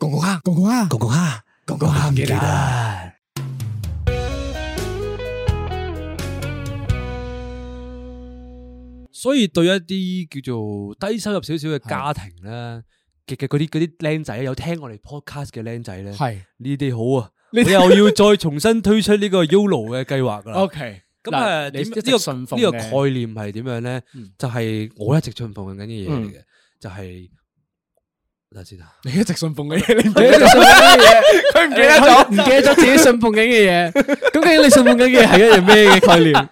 講講下，講講下，講講下，講講下，記得。所以對一啲叫做低收入少少嘅家庭咧，嘅嘅嗰啲嗰啲僆仔有聽我哋 podcast 嘅僆仔咧，係呢啲好啊！你又要再重新推出呢個 YOLO 嘅計劃啦。OK，咁誒，呢個信奉呢個概念係點樣咧？就係我一直信奉緊嘅嘢嚟嘅，就係。你一直信奉嘅嘢，你唔記得咗 你一直信奉嘅嘢，佢唔 記得咗，唔 記得咗自己信奉緊嘅嘢。 究竟你信奉緊嘅係一樣咩嘅概念？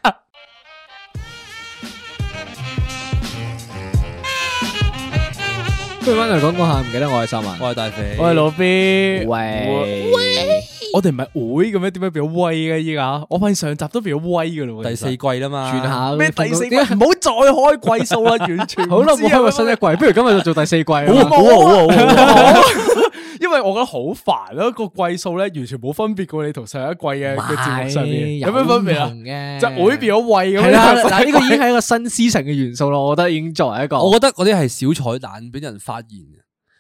翻嚟講講下，唔記得我係三文，我係大肥，我係老 B，喂喂，我哋唔係會咁樣，點解變咗威嘅依家？我發現上集都變咗威噶啦，第四季啦嘛，轉下咩第四？季？唔好再開季數啦，完全、啊、 好啦了，冇開過新一季， 不如今日就做第四季好，好啊！好好好好好好 我覺得好煩咯，個季數咧完全冇分別過你同上一季嘅節目上面，有咩分別啊？就會變咗位咁樣。係呢個已經係一個新思潮嘅元素咯。我覺得已經作為一個，我覺得嗰啲係小彩蛋，俾人發現。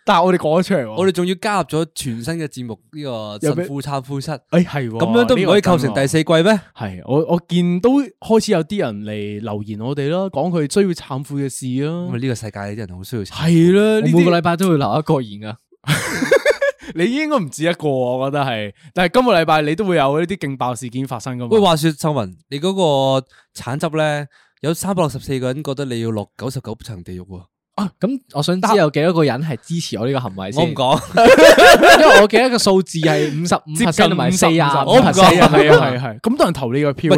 但係我哋講咗出嚟，我哋仲要加入咗全新嘅節目呢個匪神父懺悔室。誒，係咁樣都唔可以構成第四季咩？係我我見都開始有啲人嚟留言我哋咯，講佢需要懺悔嘅事咯。呢個世界啲人好需要係啦，每個禮拜都會留一個言噶。你應該唔止一個，我覺得係，但係今個禮拜你都會有呢啲勁爆事件發生㗎嘛？喂，話説周文，你嗰個橙汁呢，有三百六十四個人覺得你要落九十九層地獄喎，啊。咁我想知有幾多個人係支持我呢個行為先？我唔講，因為我記得個數字係五十五 percent 同埋四十五 percent。係啊係啊係啊，咁多人投呢個票。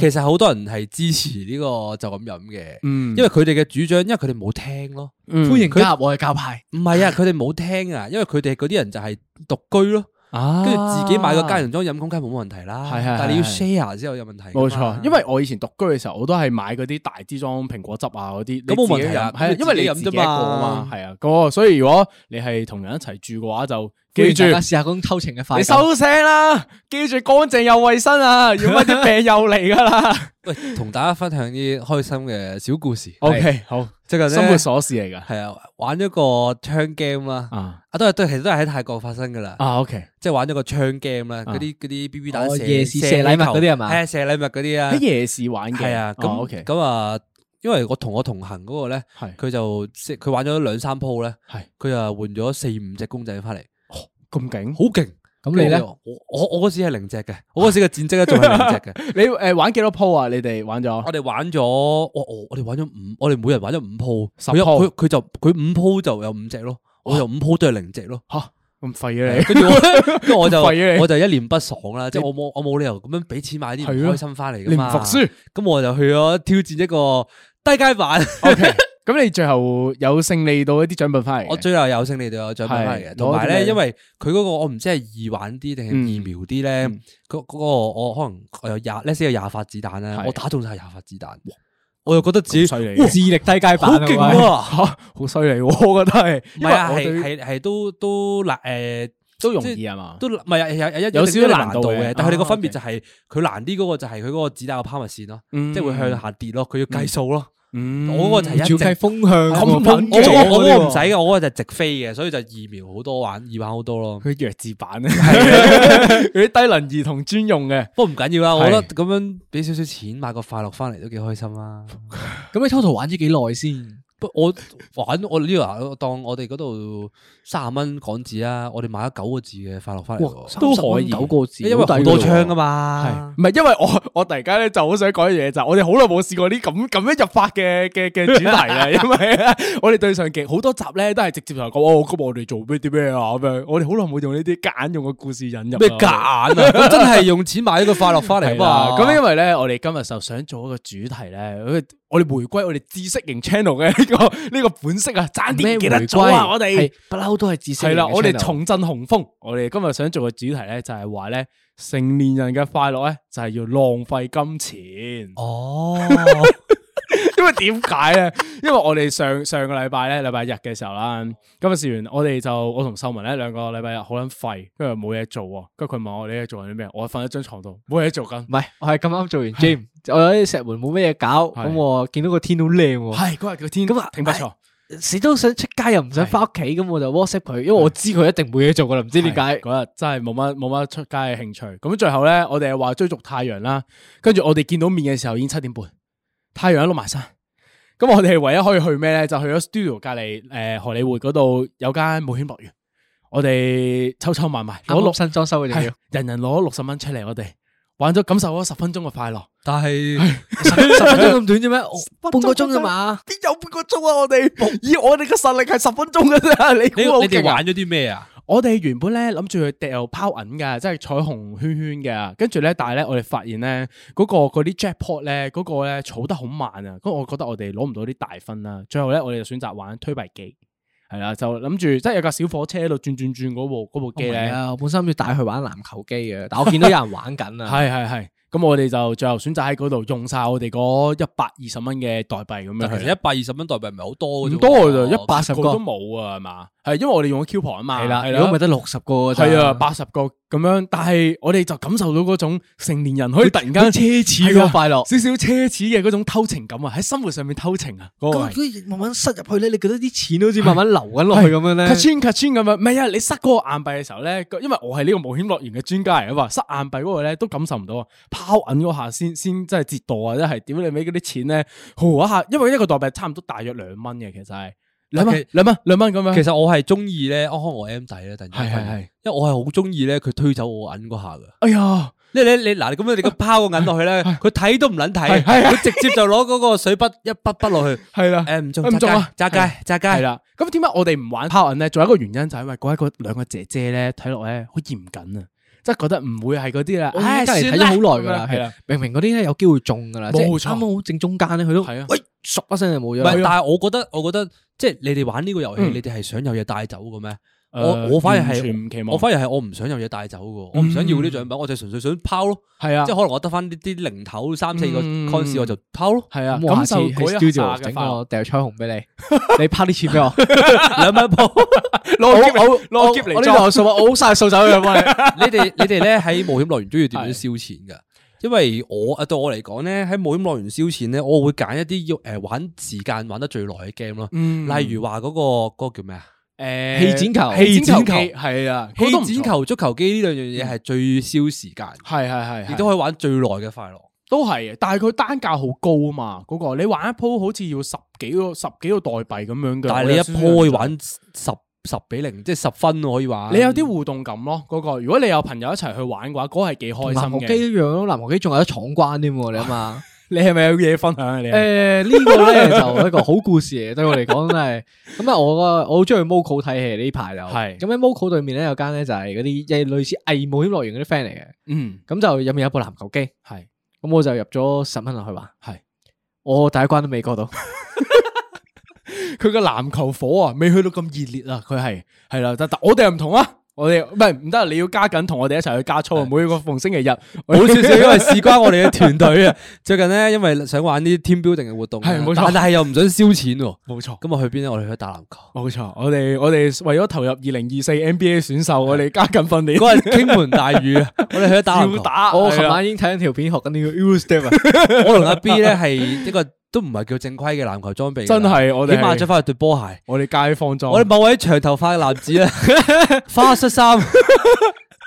其實好多人係支持呢個就咁飲嘅，嗯，因為佢哋嘅主張，因為佢哋冇聽咯，歡迎加入我嘅教派。唔係啊，佢哋冇聽啊，因為佢哋嗰啲人就係獨居咯。啊！跟住自己買個家庭裝飲公雞冇問題啦，係係。但係你要 share 之後有問題。冇錯，因為我以前獨居嘅時候，我都係買嗰啲大支裝蘋果汁啊嗰啲。咁冇問題啊，係因為你飲啫、啊、嘛，係啊。咁所以如果你係同人一齊住嘅話就。記住，試下嗰偷情嘅快。你收聲啦！記住乾淨又衛生啊，如果啲病又嚟噶啦。喂，同大家分享啲開心嘅小故事。OK，好，即係生活瑣事嚟噶。係啊，玩咗個槍 game 啦。啊，啊都係其實都係喺泰國發生噶啦。啊，OK，即係玩咗個槍 game 啦，嗰啲嗰啲 BB 彈射夜市射禮物嗰啲係嘛？係射禮物嗰啲啊。喺夜市玩嘅。係啊，咁咁啊，因為我同我同行嗰個咧，係佢就先佢玩咗兩三鋪咧，係佢就換咗四五隻公仔翻嚟。咁勁，好勁！咁你咧？我我嗰時係零隻嘅，我嗰時嘅戰績咧仲係零隻嘅。 你誒玩幾多鋪啊？你哋玩咗？我哋玩咗，我我哋玩咗五，我哋每人玩咗五鋪，十鋪，佢佢佢就佢五鋪就有五隻咯，哇我又五鋪都係零隻咯。吓咁廢嘅你，跟住我，我就， 我，就我就一臉不爽啦，即係 我冇我冇理由咁樣俾錢買啲唔開心翻嚟噶嘛。服輸，咁我就去咗挑戰一個低階版。 okay. 咁你最後有勝利到一啲獎品翻嚟？我最後有勝利到有獎品翻嚟嘅，同埋咧，因為佢嗰個我唔知係易玩啲定係易瞄啲咧，嗰嗰個我可能我有廿，呢先有廿發子彈咧，我打中晒廿發子彈，我又覺得自己犀利，智力低界版好勁好犀利，我覺得係，唔係係係都都難誒，都容易啊嘛，都唔係有有有少少難度嘅，但係佢個分別就係佢難啲嗰個就係佢嗰個子彈嘅拋物線咯，即係會向下跌咯，佢要計數咯。嗯，我嗰個就係一直風向，咁我嗰個唔使嘅，我嗰個就直飛嘅，哦、所以就二秒好多玩，二玩好多咯。佢弱智版咧，係啲低能兒童專用嘅。不過唔緊要啦，我覺得咁樣俾少少錢買個快樂翻嚟，都幾開心啦。咁你偷偷玩咗幾耐先？我玩我呢度啊，當我哋嗰度卅蚊港紙啊，我哋買咗九個字嘅快樂翻嚟都可以九個字，因為好多槍啊嘛。係是，唔係因為我我突然間咧就好想講嘢，就我哋好耐冇試過啲咁咁樣入法嘅嘅嘅主題啦。因為我哋對上期好多集咧都係直接就講 哦，今日我哋做咩啲咩啊咁樣。我哋好耐冇用呢啲夾硬用嘅故事引入。咩夾硬啊？ 真係用錢買一個快樂翻嚟啊嘛。咁 啦因為咧，我哋今日就想做一個主題咧。我哋回歸我哋知識型 channel 嘅呢個呢 個款式啊，爭啲記得咗啊！我哋不嬲都係知識型啦，我哋重振雄風。我哋今日想做嘅主題咧，就係話咧，成年人嘅快樂咧，就係要浪費金錢哦。 因為點解咧？因為我哋上上個禮拜咧，禮拜日嘅時候啦，今日試完，我哋就我同秀文咧兩個禮拜日好撚廢，跟住冇嘢做啊，跟住佢問我，你喺度做緊啲咩？我瞓喺張床度，冇嘢做緊。唔係，係咁啱做完，gym，是我喺石門冇咩嘢搞，咁是我見到個天好靚。係嗰日個天咁啊，挺那不錯。始、哎、都想出街又唔想翻屋企，咁是我就 WhatsApp 佢，因為我知佢一定冇嘢做噶啦，唔是知點解嗰日真係冇乜冇乜出街嘅興趣。咁是最後咧，我哋係話追逐太陽啦，跟住我哋見到面嘅時候已經七點半。太陽一落埋山，咁我哋係唯一可以去咩咧？就去咗 studio 隔籬誒、呃、荷里活嗰度有間冒險樂園，我哋抽抽埋埋攞六身裝修嘅料，人人攞六十蚊出嚟，我哋玩咗感受咗是、哎、呀十分鐘嘅快樂，但係 十分鐘咁短啫咩？半個鐘啊嘛？邊有半個鐘啊？我哋沒以我哋嘅實力係十分鐘噶咋？你你哋玩咗啲咩啊？ 我哋原本咧諗住去掉拋銀嘅，即係彩虹圈圈嘅，跟住咧，但係咧我哋發現咧嗰個，嗰啲 jackpot 咧，嗰個咧儲得好慢啊，咁我覺得我哋攞唔到啲大分啦。最後咧，我哋就選擇玩推幣機，係啦，就諗住即係有架小火車喺度轉轉轉嗰部嗰部機咧。Oh my God, 我本身諗住帶佢玩籃球機嘅，但我見到有人玩緊啊。 係係係，咁我哋就最後選擇喺嗰度用晒我哋嗰一百二十蚊嘅代幣，咁樣其實一百二十蚊代幣唔係好多嘅，咁多就一百十個都冇啊，係嘛。係，因為我哋用咗 Q 盤啊嘛，如果唔係得六十個，係啊，八十個咁樣。但係我哋就感受到嗰種成年人可以突然間奢侈嘅快樂，少少奢侈嘅嗰種偷情感啊，喺生活上面偷情啊。咁佢慢慢塞入去咧，你覺得啲錢好似慢慢流緊落去咁樣咧？cut chain 咁樣，唔係啊！你塞嗰個硬幣嘅時候咧，因為我係呢個冒險樂園嘅專家嚟啊嘛，塞硬幣嗰個咧都感受唔到啊。拋銀嗰下先先真係折墮啊，即係點你畀嗰啲錢咧，好一下，因為一個代幣差唔多大約兩蚊嘅其實係。兩蚊，兩蚊，兩蚊咁樣。其實我係中意咧，安康我 M 仔咧，突然間係係係，因為我係好中意咧，佢推走我銀嗰下噶。哎呀，你你你，嗱，你咁樣你咁拋個銀落去咧，佢睇都唔捻睇，佢直接就攞嗰個水筆一筆筆落去。係啦，誒，唔中唔中啊？詐街詐街係啦。咁點解我哋唔玩拋銀咧？仲有一個原因就係因為嗰一個兩個姐姐咧睇落咧好嚴謹啊，即係覺得唔會係嗰啲啦。唉，真係睇咗好耐噶啦，係啦，明明嗰啲咧有機會中噶啦，冇係好正中間咧，佢都喂。一聲就冇嘢，唔係，但係我覺得，我覺得即係你哋玩呢個遊戲，你哋係想有嘢帶走嘅咩？我我反而係完全唔期望，我反而係我唔想有嘢帶走嘅，我唔想要啲獎品，我就純粹想拋咯。係啊，即係可能我得翻啲零頭三四個 coin 我就拋咯。係啊，咁就嗰一下嘅掉彩虹俾你，你拋啲錢俾我，兩蚊一鋪。我我我 keep 嚟做，我晒數走咗。你哋你哋咧喺冒險樂園中意點樣燒錢噶？因為我誒對我嚟講咧，喺冒險樂園燒錢咧，我會揀一啲要誒玩時間玩得最耐嘅 game 咯。嗯、例如話嗰、嗰個、嗰個叫咩啊？誒、欸，氣剪球，氣剪球係啊，氣剪球足球機呢兩樣嘢係最燒時間，係係係，亦都可以玩最耐嘅快樂，都係。但係佢單價好高啊嘛，嗰、嗰個你玩一鋪好似要十幾個十幾個代幣咁樣嘅，但係你一鋪可以玩十。十十比零，即係十分可以玩。你有啲互動感咯，嗰、那個。如果你有朋友一齊去玩嘅話，嗰、那個係幾開心嘅。籃球機一樣咯，籃球機仲有得闖關添喎，你諗下。哇你係咪有嘢分享啊？你？誒、呃，這個、呢個咧 就一個好故事嚟。對我嚟講真係。咁啊、 嗯，我我好中意 Moco 睇戲呢排又。係。咁喺 Moco 對面咧有間咧就係嗰啲嘢類似藝冒險樂園嗰啲 friend 嚟嘅。嗯。咁就入面有部籃球機。係。咁我就入咗十蚊落去玩。係。我第一關都未過到。 佢個籃球火啊，未去到咁熱烈啊！佢係係啦，但我哋又唔同啊！我哋唔係唔得，你要加緊同我哋一齊去加操，每個逢星期日，好少少，因為事關我哋嘅團隊啊！最近咧，因為想玩啲 team building 嘅活動，係冇錯，但係又唔想燒錢喎，冇錯。今日去邊咧？我哋去打籃球，冇錯。我哋我哋為咗投入二零二四 NBA 選秀，我哋加緊訓練。嗰日傾盆大雨啊！我哋去打籃球，我琴晚已經睇緊條片，學緊呢個 U step。我同阿 B 咧係一個。都唔係叫正規嘅籃球裝備，真係我哋起碼着翻對波鞋。我哋街坊裝，我哋某位長頭髮嘅男子咧， 花恤衫。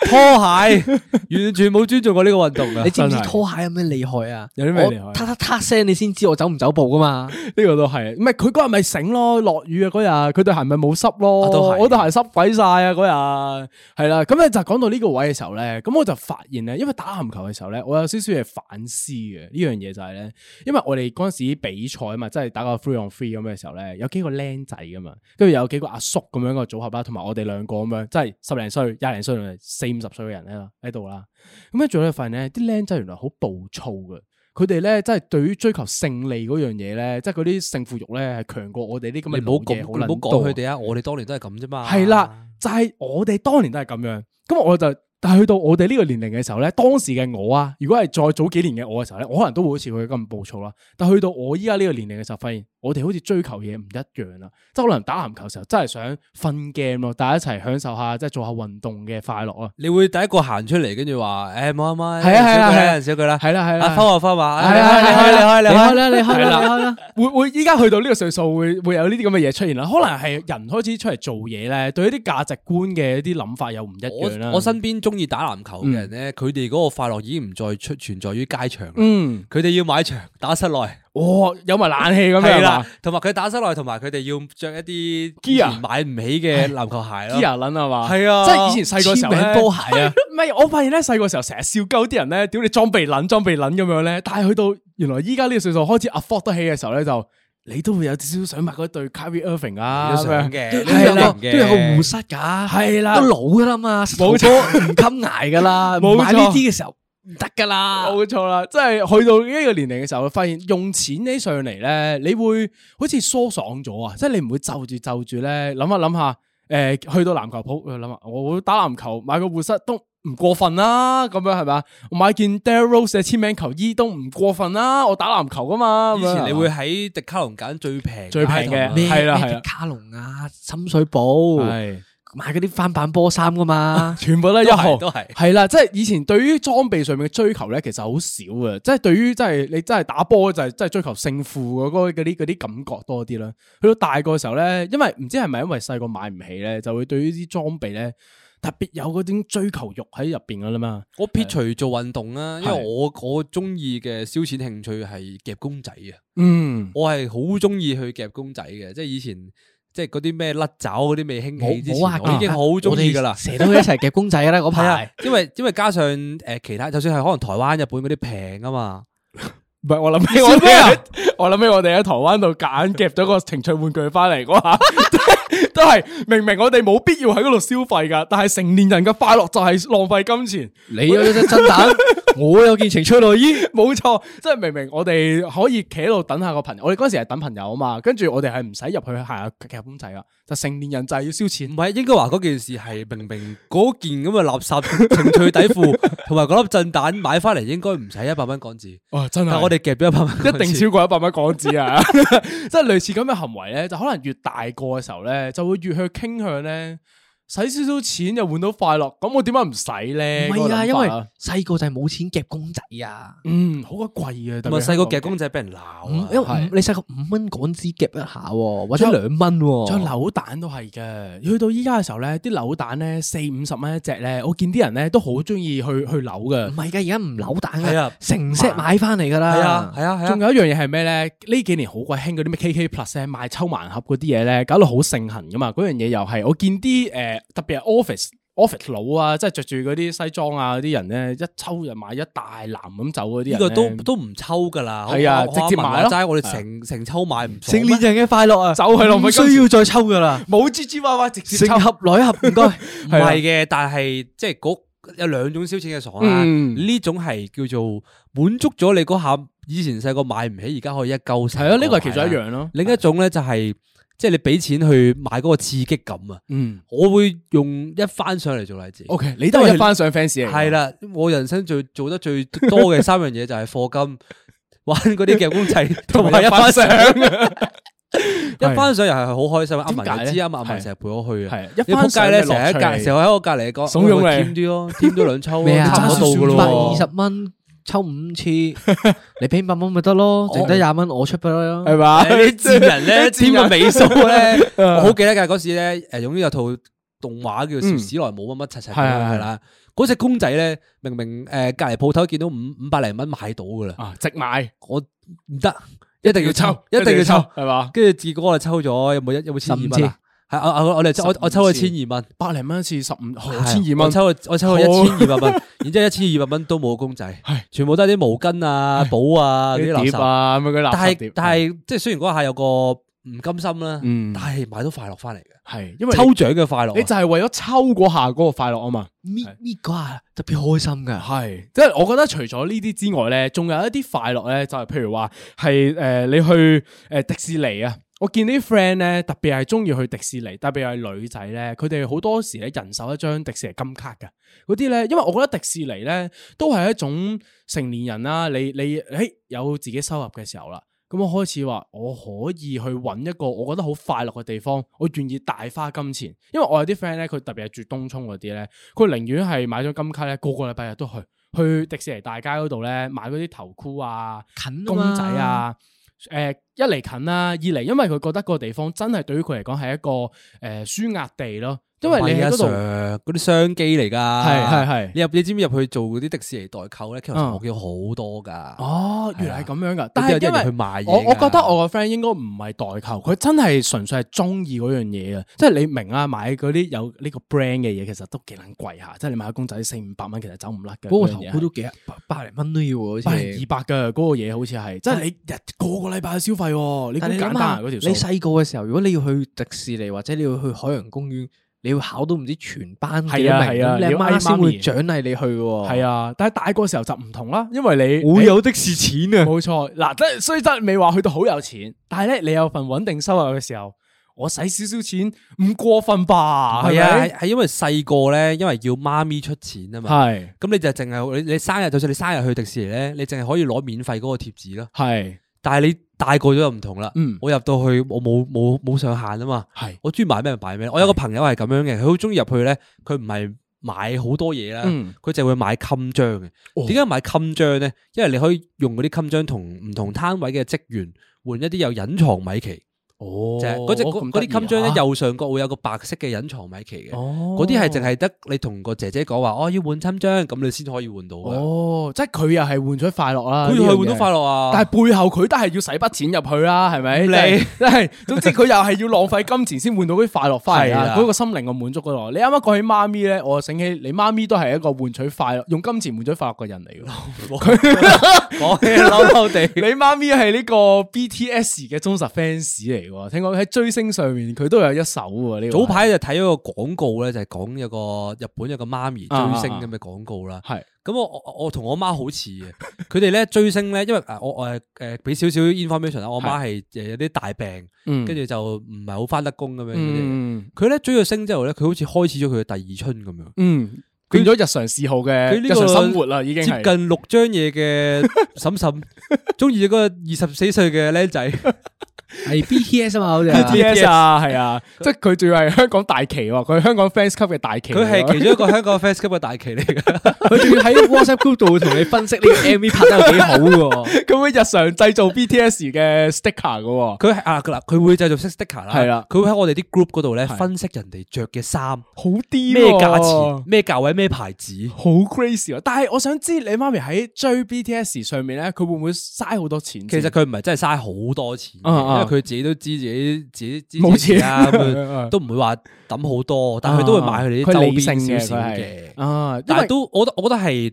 拖 鞋完全冇尊重過呢個運動啊！你知唔知拖鞋有咩厲害啊？有啲咩厲害？嗒嗒嗒聲，你先知我走唔走步噶嘛？呢個都係，唔係佢嗰日咪醒咯？落雨啊嗰日，佢對鞋咪冇濕咯？我對鞋濕鬼晒啊嗰日，係啦，咁咧就講到呢個位嘅時候咧，咁我就發現咧，因為打籃球嘅時候咧，我有少少嘅反思嘅呢樣嘢就係咧，因為我哋嗰陣時比賽啊嘛，即係打個 three on three 咁嘅時候咧，有幾個僆仔噶嘛，跟住有幾個阿叔咁樣個組合啦，同埋我哋兩個咁樣，即係十零歲、廿零歲四。五十歲嘅人咧喺度啦，咁咧做咗一份咧，啲靚仔原來好暴躁嘅，佢哋咧真係對於追求勝利嗰樣嘢咧，即係嗰啲勝負欲咧係強過我哋啲咁嘅老嘢。你唔好講，你唔好講佢哋啊！我哋當年都係咁啫嘛。係啦，就係、是、我哋當年都係咁樣。咁我就。但去到我哋呢個年齡嘅時候咧，當時嘅我啊，如果係再早幾年嘅我嘅時候咧，我可能都會好似佢咁暴躁啦。但去到我依家呢個年齡嘅時候，發現我哋好似追求嘢唔一樣啦，即可能打籃球嘅時候真係想瞓 game 咯，大家一齊享受下，即係做下運動嘅快樂啊！你會第一個行出嚟，跟住話誒，阿媽係啊係啦，有人笑佢啦，係啦係啦，翻話翻話，係啦係啦，你開你開你開你開啦，會會依家去到呢個歲數，會會有呢啲咁嘅嘢出現啦。可能係人開始出嚟做嘢咧，對一啲價值觀嘅一啲諗法又唔一樣啦。我身邊中。中意打籃球嘅人咧，佢哋嗰個快樂已經唔再出存在於街場。嗯，佢哋要買場打室內，哦，有埋冷氣咁樣啦。同埋佢打室內，同埋佢哋要着一啲，以前買唔起嘅籃球鞋咯。啲人捻係嘛？係啊，啊啊即係以前細、啊、個時候咧，千零波鞋啊。唔係我發現咧，細個時候成日笑鳩啲人咧，屌你裝備撚，裝備撚咁樣咧。但係去到原來依家呢個歲數開始 afford 得起嘅時候咧，就。你都會有少少想買嗰對 Kyrie Irving 啊，想麼有樣嘅，都有個護膝噶，係錯啦，都老噶啦嘛，冇錯，唔襟捱噶啦，買呢啲嘅時候唔得噶啦，冇錯啦，即係去到呢個年齡嘅時候，發現用錢起上嚟咧，你會好似疏爽咗啊，即係你唔會就住就住咧諗下諗下，誒，去到籃球鋪去諗下，我會打籃球買個護膝都唔過分啦、啊，咁樣係嘛？我買件 Darryl Rose 嘅簽名球衣都唔過分啦、啊。我打籃球噶嘛。以前你會喺迪卡龍揀最平最平嘅，係啦，迪卡龍啊，深水埗，係了買嗰啲翻版波衫噶嘛，全部都一號都係，係啦。即係、就是、以前對於裝備上面嘅追求咧，其實好少啊。即、就、係、是、對於即係你真係打波就係真係追求勝負嗰啲啲感覺多啲啦。去到大個嘅時候咧，因為唔知係咪因為細個買唔起咧，就會對於啲裝備咧。特別有嗰種追求欲喺入邊噶啦嘛，我撇除做運動啦，因為我我中意嘅消遣興趣係夾公仔啊，嗯，我係好中意去夾公仔嘅，即係以前即係嗰啲咩甩爪嗰啲未興起之前，我,過我已經好中意噶啦，成日都一齊夾公仔啦嗰排，因為因為加上誒其他，就算係可能台灣、日本嗰啲平啊嘛，唔係 我諗起,起我諗起我哋喺台灣度揀夾咗個情趣玩具翻嚟嗰下。 都係明明我哋冇必要喺嗰度消費噶，但係成年人嘅快樂就係浪費金錢。你有粒震蛋， 我有件情趣內衣，冇錯， 即係明明我哋可以企喺度等下個朋友，我哋嗰時係等朋友啊嘛，跟住我哋係唔使入去行下夾公仔噶，就成年人就係要燒錢。唔係應該話嗰件事係明明嗰件咁嘅垃圾情趣底褲同埋嗰粒震蛋買翻嚟應該唔使一百蚊港紙。哦，真係我哋夾咗一百蚊，一定超過一百蚊港紙啊！ 即係類似咁嘅行為咧，就可能越大個嘅時候咧。就會越去傾向咧。使少少錢又換到快樂，咁我點解唔使咧？唔係啊，啊因為細個就係冇錢夾公仔啊。嗯，好鬼貴啊，同埋細個夾公仔俾人鬧啊。娃娃娃啊因為你細個五蚊港紙夾一下，或者兩蚊、啊。再扭有蛋都係嘅。去到依家嘅時候咧，啲扭蛋咧四五十蚊一隻咧，我見啲人咧都好中意去去扭噶。唔係噶，而家唔扭蛋啊，成 set 買翻嚟噶啦。係啊，係啊，係啊。仲、啊、有一樣嘢係咩咧？呢幾年好鬼興嗰啲咩 KK Plus 賣抽盲盒嗰啲嘢咧，搞到好盛行噶嘛。嗰樣嘢又係我見啲誒。呃特別係 office office 佬啊，即係着住嗰啲西裝啊，嗰啲人咧一抽就買一大籃咁走嗰啲人咧，都都唔抽噶啦，係啊，直接買齋。我哋成成抽買唔成年人嘅快樂啊，唔需要再抽噶啦，冇吱吱哇哇直接成盒來一盒。唔該，係嘅，但係即係嗰有兩種消遣嘅爽啦。呢種係叫做滿足咗你嗰下以前細個買唔起，而家可以一嚿食。係啊，呢個係其中一樣咯。另一種咧就係。即係你俾錢去買嗰個刺激感啊！嗯，我會用一番賞嚟做例子。O K，你都係一番賞 fans 嚟。係啦，我人生最做得最多嘅三樣嘢就係課金、玩嗰啲夾公仔同埋一番賞。一番賞又係好開心，阿文知啊，阿文成日陪我去啊。一翻街咧，成日喺隔，成日喺我隔籬哥，慫恿嚟添啲咯，添咗兩抽，差唔多百二十蚊。抽五次，你俾百蚊咪得咯，剩低廿蚊我出不啦，係嘛？你賤人咧，賤個尾數咧，我好記得噶嗰時咧，誒，總之有套動畫叫史萊姆乜乜柒柒咁啦，嗰隻公仔咧，明明誒隔籬鋪頭見到五五百零蚊買到噶啦，直買，我唔得，一定要抽，一定要抽，係嘛？跟住志哥啊抽咗，有冇一有冇千二蚊？係我我我哋抽我我抽咗千二蚊，百零蚊一次，十五千二蚊，抽咗我抽咗一千二百蚊，然之後一千二百蚊都冇公仔，係全部都係啲毛巾啊、簿啊啲垃圾啊咁嘅垃圾。但係但係即係雖然嗰下有個唔甘心啦，但係買到快樂翻嚟嘅係因為抽獎嘅快樂，你就係為咗抽嗰下嗰個快樂啊嘛。搣搣嗰下特別開心嘅係，即係我覺得除咗呢啲之外咧，仲有一啲快樂咧，就係譬如話係誒你去誒迪士尼啊。我見啲 friend 咧，特別係中意去迪士尼，特別係女仔咧，佢哋好多時咧人手一張迪士尼金卡㗎。嗰啲咧，因為我覺得迪士尼咧都係一種成年人啦，你你誒有自己收入嘅時候啦，咁我開始話我可以去揾一個我覺得好快樂嘅地方，我願意大花金錢。因為我有啲 friend 咧，佢特別係住東涌嗰啲咧，佢寧願係買張金卡咧，個個禮拜日都去去迪士尼大街嗰度咧買嗰啲頭箍啊、公仔啊。誒、呃，一嚟近啦，二嚟因為佢覺得個地方真係對於佢嚟講係一個誒舒、呃、壓地咯。因為你喺嗰度嗰啲商機嚟噶，係係係。你入你知唔知入去做嗰啲迪士尼代購咧？其實我見好多噶。哦，原來係咁樣噶。但係有啲人去買嘢，我覺得我個 friend 應該唔係代購，佢真係純粹係中意嗰樣嘢啊！即係你明啊，買嗰啲有呢個 brand 嘅嘢，其實都幾捻貴下。即係你買個公仔四五百蚊，其實走唔甩嘅。嗰個頭箍都幾百百零蚊都要。百零二百噶嗰個嘢，好似係即係你日個個禮拜去消費。你咁簡單條。你細個嘅時候，如果你要去迪士尼或者你要去海洋公園。你要考到唔知全班第一名，係啊、係啊、你媽咪先會獎勵你去。係啊，但係大個時候就唔同啦，因為你會有的士錢啊。冇錯，嗱，即係雖然未話去到好有錢，但係咧你有份穩定收入嘅時候，我使少少錢唔過分吧？係啊，係吧因為細個咧，因為要媽咪出錢啊嘛。係是，咁你就淨係你你生日，就算你生日去迪士尼咧，你淨係可以攞免費嗰個貼紙咯。係是，但係你。大個咗就唔同啦，嗯、我入到去我冇冇冇上限啊嘛，係 我中意買咩就買咩。係 我有個朋友係咁樣嘅，佢好中意入去咧，佢唔係買好多嘢啦，佢就會買襟章嘅。點解買襟章咧？因為你可以用嗰啲襟章同唔同攤位嘅職員換一啲有隱藏米奇。哦，嗰隻啲襟章咧，右上角會有個白色嘅隱藏米奇嘅。嗰啲係淨係得你同個姐姐講話，哦，要換襟章，咁你先可以換到嘅哦，即係佢又係換取快樂啦，佢似係換到快樂啊！但係背後佢都係要使筆錢入去啦，係的咪？你即係總之佢又係要浪費金錢先換到啲快樂翻嚟啊！嗰個心靈個滿足嗰度，你啱啱講起媽咪咧，我醒起你媽咪都係一個換取快樂、用金錢換取快樂嘅人嚟嘅。講起嬲嬲地， 你媽咪係呢個 BTS 嘅忠實 fans 嚟。聽講喺追星上面佢都有一手喎。呢早排就睇咗個廣告咧，就係講有個日本有一個媽咪追星咁嘅廣告啦。係咁、啊啊啊、我我同我媽好似嘅，佢哋咧追星咧，因為誒我誒誒俾少少 information 啦。我媽係誒有啲大病，跟住、嗯、就唔係好翻得工咁樣。佢咧、嗯、追咗星之後咧，佢好似開始咗佢嘅第二春咁樣。嗯，她變咗日常嗜好嘅、這個，佢呢，日常生活啦，已經接近六張嘢嘅嬸嬸，中意嗰個二十四歲嘅僆仔。 係 BTS 啊嘛，好似 BTS 啊，係啊，即係佢仲要係香港大旗，佢係香港 fans club 嘅大旗，佢係其中一個香港 fans club 嘅大旗嚟嘅。佢仲要喺 WhatsApp group 度同你分析呢個 MV 拍得幾好嘅，咁佢會日常製造 BTS 嘅 sticker 嘅，佢啊嗱，佢會製造 set sticker 啦，係啦，佢會喺我哋啲 group 嗰度咧分析人哋着嘅衫，好啲咩價錢，咩價位，咩牌子，好 crazy。但係我想知你媽咪喺追 BTS 上面咧，佢會唔會嘥好多錢？其實佢唔係真係嘥好多錢。佢自己都知自己自己冇錢啊，沒錢都唔會話抌好多，啊、但係佢都會買佢哋啲周邊嘅。啊，但係因為 都我覺得我覺得係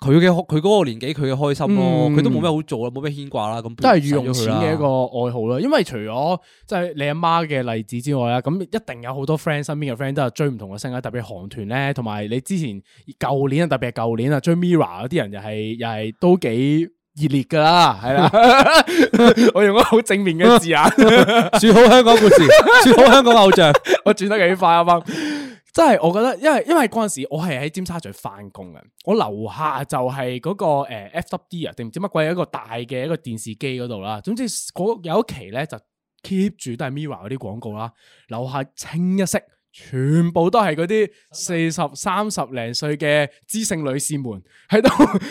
佢嘅佢嗰個年紀佢嘅開心咯，佢、嗯、都冇咩好做啦，冇咩牽掛啦，咁都係用錢嘅一個愛好啦。因為除咗即係你阿媽嘅例子之外啦，咁一定有好多 friend 身邊嘅 friend 都係追唔同嘅星。啊，特別韓團咧，同埋你之前舊年啊，特別係舊年啊，追 Mirror 嗰啲人又係又係都幾。熱烈噶啦，係啦，我用個好正面嘅字眼，說 好香港故事，說好香港偶像， 我轉得幾快啊， 真係，我覺得，因為因為嗰陣時我係喺尖沙咀翻工嘅，我樓下就係嗰個誒 FWD 啊定唔知乜鬼一個大嘅一個電視機嗰度啦，總之有一期咧就 keep 住都係 MIRROR 嗰啲廣告啦，樓下清一色。全部都係嗰啲四十三十零歲嘅知性女士們喺度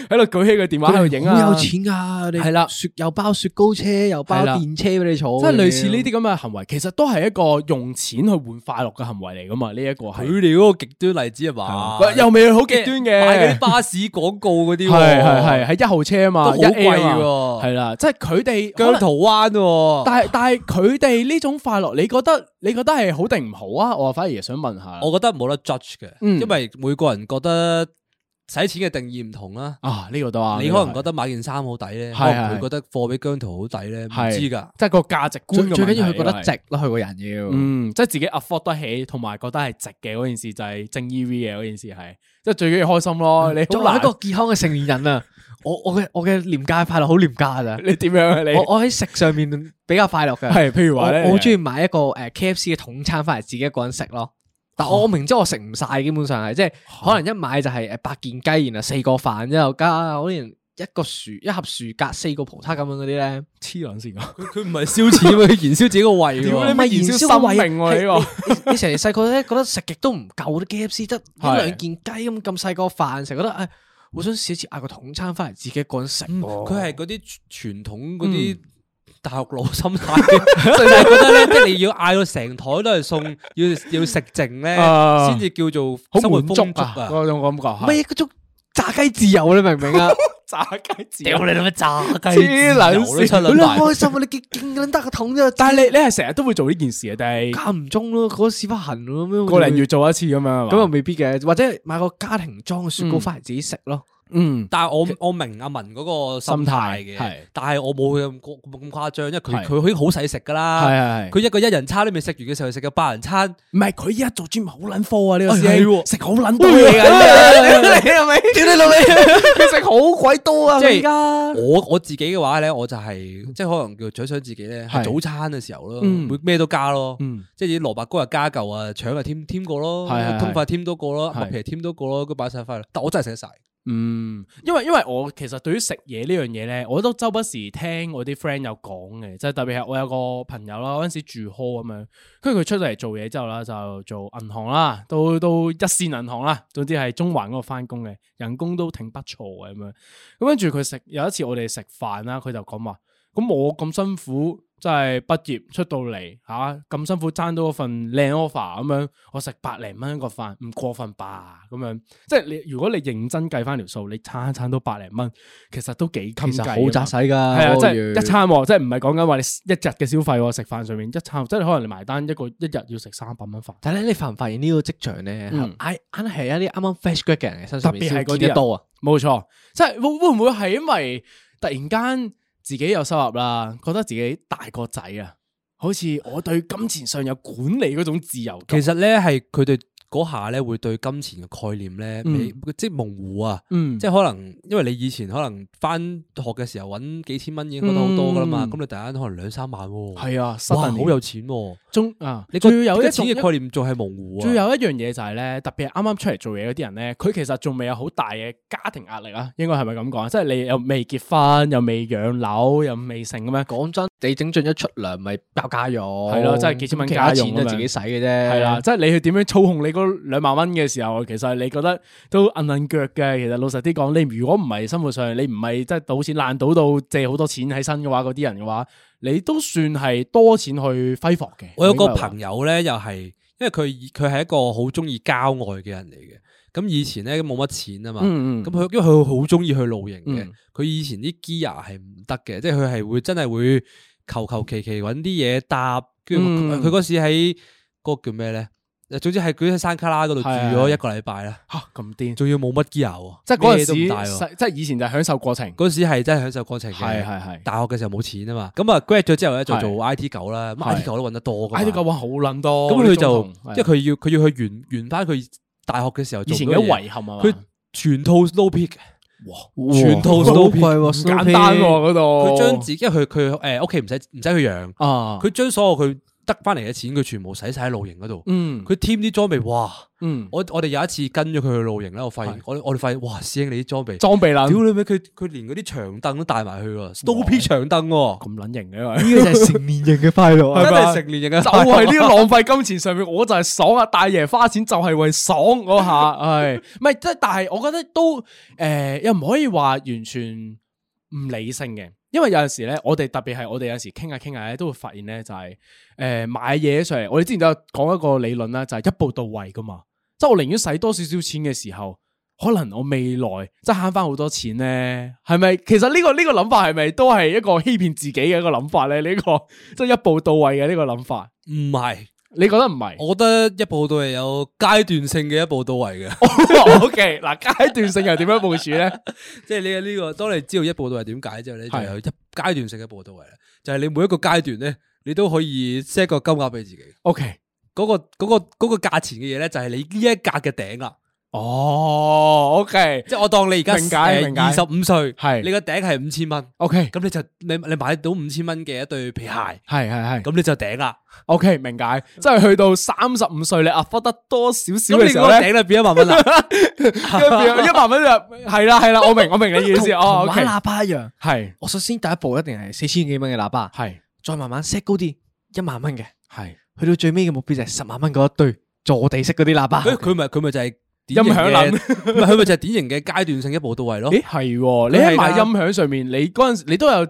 喺度舉起個電話喺度影啊！好有錢噶，你係啦，雪又包雪糕車又包電車俾你坐，即係類似呢啲咁嘅行為，其實都係一個用錢去換快樂嘅行為嚟噶嘛？呢一個係佢哋嗰個極端例子啊嘛，又未好極端嘅，買嗰啲巴士廣告嗰啲，係係係喺一號車啊嘛，都好貴嘅，係啦，即係佢哋腳頭彎，但係但係佢哋呢種快樂，你覺得你覺得係好定唔好啊？我反而。想問下，我覺得冇得 judge 嘅，因為每個人覺得使錢嘅定義唔同啦。啊，呢個都啱。你可能覺得買件衫好抵咧，佢覺得貨比姜濤好抵咧。唔知㗎，即係個價值觀。最緊要佢覺得值咯，佢個人要，嗯，即係自己 afford 得起，同埋覺得係值嘅嗰件事，就係正 EV 嘅嗰件事係，即係最緊要開心咯。你好難一個健康嘅成年人啊！我我嘅我嘅廉價快樂好廉價咋？你點樣啊？你我我喺食上面比較快樂嘅，係譬如話咧，我好中意買一個誒 K F C 嘅桶餐翻嚟自己一個人食咯。但我明知我食唔晒，基本上係即係可能一買就係誒八件雞，然後四個飯，之後加好似一個薯一盒薯格四個葡撻咁樣嗰啲咧黐卵線噶。佢唔係燒錢，佢 燃燒自己個胃的，唔係燃燒生命喎。你成日細個咧覺得食極都唔夠啲 K F C 得一兩件雞咁咁細個飯，成日覺得誒。我想試一次嗌個桶餐翻嚟自己一個人食、啊，佢係嗰啲傳統嗰啲大陸佬心態，就係 覺得咧， 即係你要嗌到成台都係送， 要要食剩咧，先至、uh, 叫做生活豐足啊，嗰、啊、種感覺吓，唔係嗰種炸雞自由你明唔明啊？ 炸雞子，屌你老味炸雞，車輪死，好啦呢，開心啊，你勁勁得個桶啫，但係你你係成日都會做呢件事啊？定係間唔中咯，嗰屎忽痕咁樣，個零月做一次咁樣，咁又對 未必嘅，對 或者買個家庭裝嘅雪糕翻嚟自己食咯。嗯嗯，但係我我明阿文嗰個心態嘅，但係我冇佢咁咁誇張，因為佢佢已經好細食噶啦，佢一個一人餐都未食完嘅時候，食個八人餐，唔係佢依家做 gym 好撚多啊呢個司機，食好撚多啊，你係咪？屌你老味，佢食好鬼多啊！即係而家我我自己嘅話咧，我就係即係可能叫想想自己咧，係早餐嘅時候咯，會咩都加咯，即係啲蘿蔔糕又加嚿啊，腸又添添個咯，通粉添多個咯，麥皮添多個咯，都擺晒翻嚟，但我真係食得晒。嗯，因為因為我其實對於食嘢呢樣嘢咧，我都周不時聽我啲 friend 有講嘅，就係，特別係我有個朋友啦，嗰陣時住 hall 咁樣，跟住佢出咗嚟做嘢之後啦，就做銀行啦，都到，到一線銀行啦，總之係中環嗰度翻工嘅，人工都挺不錯嘅咁樣，咁跟住佢食有一次我哋食飯啦，佢就講話，咁我咁辛苦。即係畢業出到嚟吓咁辛苦，爭到份靚 offer 咁樣，我食百零蚊一個飯，唔過分吧咁樣？即係你如果你認真計翻條數，你餐餐都百零蚊，其實都幾襟計，好扎使噶。係啊，即係一餐，即係唔係講緊話你一日嘅消費食飯上面一餐，即係可能你埋單一個一日要食三百蚊飯。但係咧，你發唔發現呢個職場咧？係啱係一啲啱啱 fresh graduate 嘅人身上面少得多啊！冇錯，即係會會唔會係因為突然間？自己有收入啦，覺得自己大個仔啊，好似我對金錢上有管理嗰種自由。其實咧，係佢哋。嗰下咧，會對金錢嘅概念咧，嗯、即係模糊啊！嗯、即係可能，因為你以前可能翻學嘅時候揾幾千蚊已經覺得好多噶啦嘛，咁、嗯、你突然間可能兩三萬喎，係啊，啊十哇，好有錢喎！中啊，啊你最、那個、有一種嘅概念仲係模糊、啊。最有一樣嘢就係、是、咧，特別係啱啱出嚟做嘢嗰啲人咧，佢其實仲未有好大嘅家庭壓力啊，應該係咪咁講？即係你又未結婚，又未養樓，又未成咁樣，講真。你整進一出糧咪包家用，係咯，即係幾千蚊家用都自己使嘅啫。係啦了，嗯、即係你去點樣操控你嗰兩萬蚊嘅時候，其實你覺得都韌韌腳嘅。其實老實啲講，你如果唔係生活上，你唔係即係賭錢爛賭到借好多錢喺身嘅話，嗰啲人嘅話，你都算係多錢去揮霍嘅。我有個朋友咧，又係因為佢佢係一個好中意郊外嘅人嚟嘅。咁以前咧都冇乜錢啊嘛，咁佢、嗯嗯、因為佢好中意去露營嘅。佢、嗯、以前啲 gear 係唔得嘅，即係佢係會真係會。求求其其揾啲嘢搭，跟住佢嗰時喺嗰個叫咩咧？總之係佢喺山卡拉嗰度住咗一個禮拜咧。吓咁癲，仲要冇乜 gear，即係嗰陣時，即係以前就係享受過程。嗰陣時係真係享受過程嘅。係係係。大學嘅時候冇錢啊嘛，咁啊 grad 咗之後咧就做 IT 狗啦，IT 狗都揾得多。IT 狗揾好撚多。咁佢就即係佢要佢要去完完翻佢大學嘅時候做嘅嘢。佢全套 Snow Peak。哇！全套哇都好貴喎，唔簡單喎嗰度。佢將自己，佢佢誒，屋企唔使唔使佢養啊，佢將所有佢。得翻嚟嘅錢，佢全部使晒喺露營嗰度。嗯，佢添啲裝備，哇！嗯，我我哋有一次跟咗佢去露營啦，我發現是的 我我哋發現，哇！師兄你啲裝備裝備難，屌你咩？佢佢連嗰啲長凳都帶埋去，刀片哇長凳，啊，咁撚型嘅，呢個就係成年人嘅快樂， 吧真係成年人嘅快樂，就係呢個浪費金錢上面，我就係爽啊！大爺花錢就係為爽嗰下，係，唔係即係，但係我覺得都誒、呃，又唔可以話完全唔理性嘅。因為有陣時咧，我哋特別係我哋有陣時傾下傾下咧，都會發現咧就係、是、誒、呃、買嘢上嚟，我哋之前都有講一個理論啦，就係、是、一步到位噶嘛。即係我寧願使多少少錢嘅時候，可能我未來即係慳翻好多錢咧，係咪？其實呢個呢個諗法係咪都係一個欺騙自己嘅一個諗法咧？呢個即係一步到位嘅呢個諗法，唔係。你覺得唔係？我覺得一步到位有階段性嘅一步到位嘅。O K，嗱，階段性又點樣部署咧？ 即係你呢個，當你知道一步到位點解之後咧，就是、你有一階段性嘅一步到位啦。就係、係、你每一個階段咧，你都可以 set 個金額俾自己。O K，嗰個嗰、嗰個、嗰個價錢嘅嘢咧，就係你呢一格嘅頂啦。哦，OK，即係我當你而家誒二十五歲，係你個頂係五千蚊，OK，咁你就你你買到五千蚊嘅一對皮鞋，係係係，咁你就頂啦，OK，明解，即係去到三十五歲你 afford 得多少少嘅時候咧，頂咧變一萬蚊啦，一萬蚊就係啦係啦，我明我明你嘅意思，哦，同喇叭一樣，係我首先第一步一定係四千幾蚊嘅喇叭，係再慢慢 set 高啲一萬蚊嘅，係去到最尾嘅目標就係十萬蚊嗰一堆座地式嗰啲喇叭，佢咪佢咪就係。音響諗，佢咪就係典型嘅階響 段性一步到位咯。誒係、哦，你喺買音響上面，你嗰陣時你都有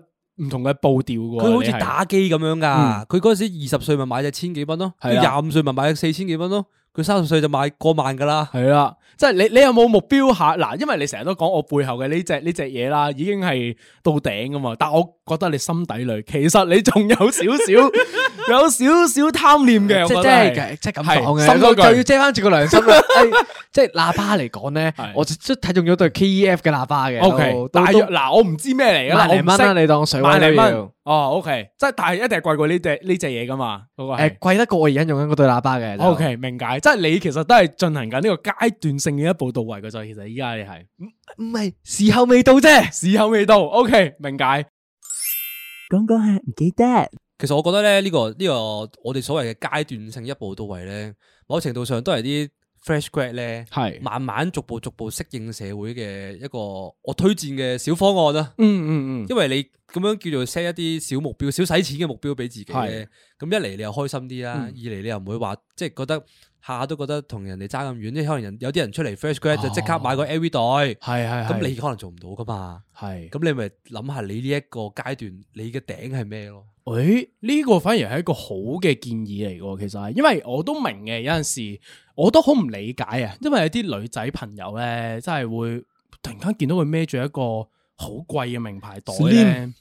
唔同嘅步調噶、啊。佢好似打機咁樣噶，佢嗰陣時二十歲咪買咗千幾蚊咯，佢廿五歲咪買咗四千幾蚊咯，佢三十歲就買過萬噶啦。係啦。即係你，你有冇目標下？嗱，因為你成日都講我背後嘅呢隻呢隻嘢啦，已經係到頂噶嘛。但係我覺得你心底裏其實你仲有少少，有少少貪念嘅。即係即係咁講嘅，就要遮翻住個良心啦。即係喇叭嚟講咧，我即睇中咗對 KEF 嘅喇叭嘅。O K，大約嗱，我唔知咩嚟嘅。萬零蚊啦，你當水位嘅嘢。萬零蚊。哦，O K，即係但係一定貴過呢隻呢隻嘢噶嘛？嗰個誒，貴得過我而家用緊嗰對喇叭嘅。O K，明解。即係你其實都係進行緊呢個階段。性嘅一步到位嘅就，其實依家你係唔唔係時候未到啫，時候未到，OK，明解。講講係唔記得。其實我覺得咧、這個，呢個呢個我哋所謂嘅階段性一步到位咧，某程度上都係啲 fresh grad 咧，係是慢慢逐步逐步適應社會嘅一個我推薦嘅小方案啦。嗯嗯嗯，因為你咁樣叫做 set 一啲小目標、小使錢嘅目標俾自己，咁是一嚟你又開心啲啦，嗯、二嚟你又唔會話即係覺得。下都覺得同人哋爭咁遠，即可能人有啲人出嚟 first grad 就即刻買個 LV 袋，係係、哦，咁你可能做唔到噶嘛？係是，咁你咪諗下你呢一個階段，你嘅頂係咩咯？誒、欸，呢、呢個反而係一個好嘅建議嚟嘅，其實係，因為我都明嘅，有陣時我都好唔理解啊，因為有啲女仔朋友咧，真係會突然間見到佢孭住一個好貴嘅名牌袋咧，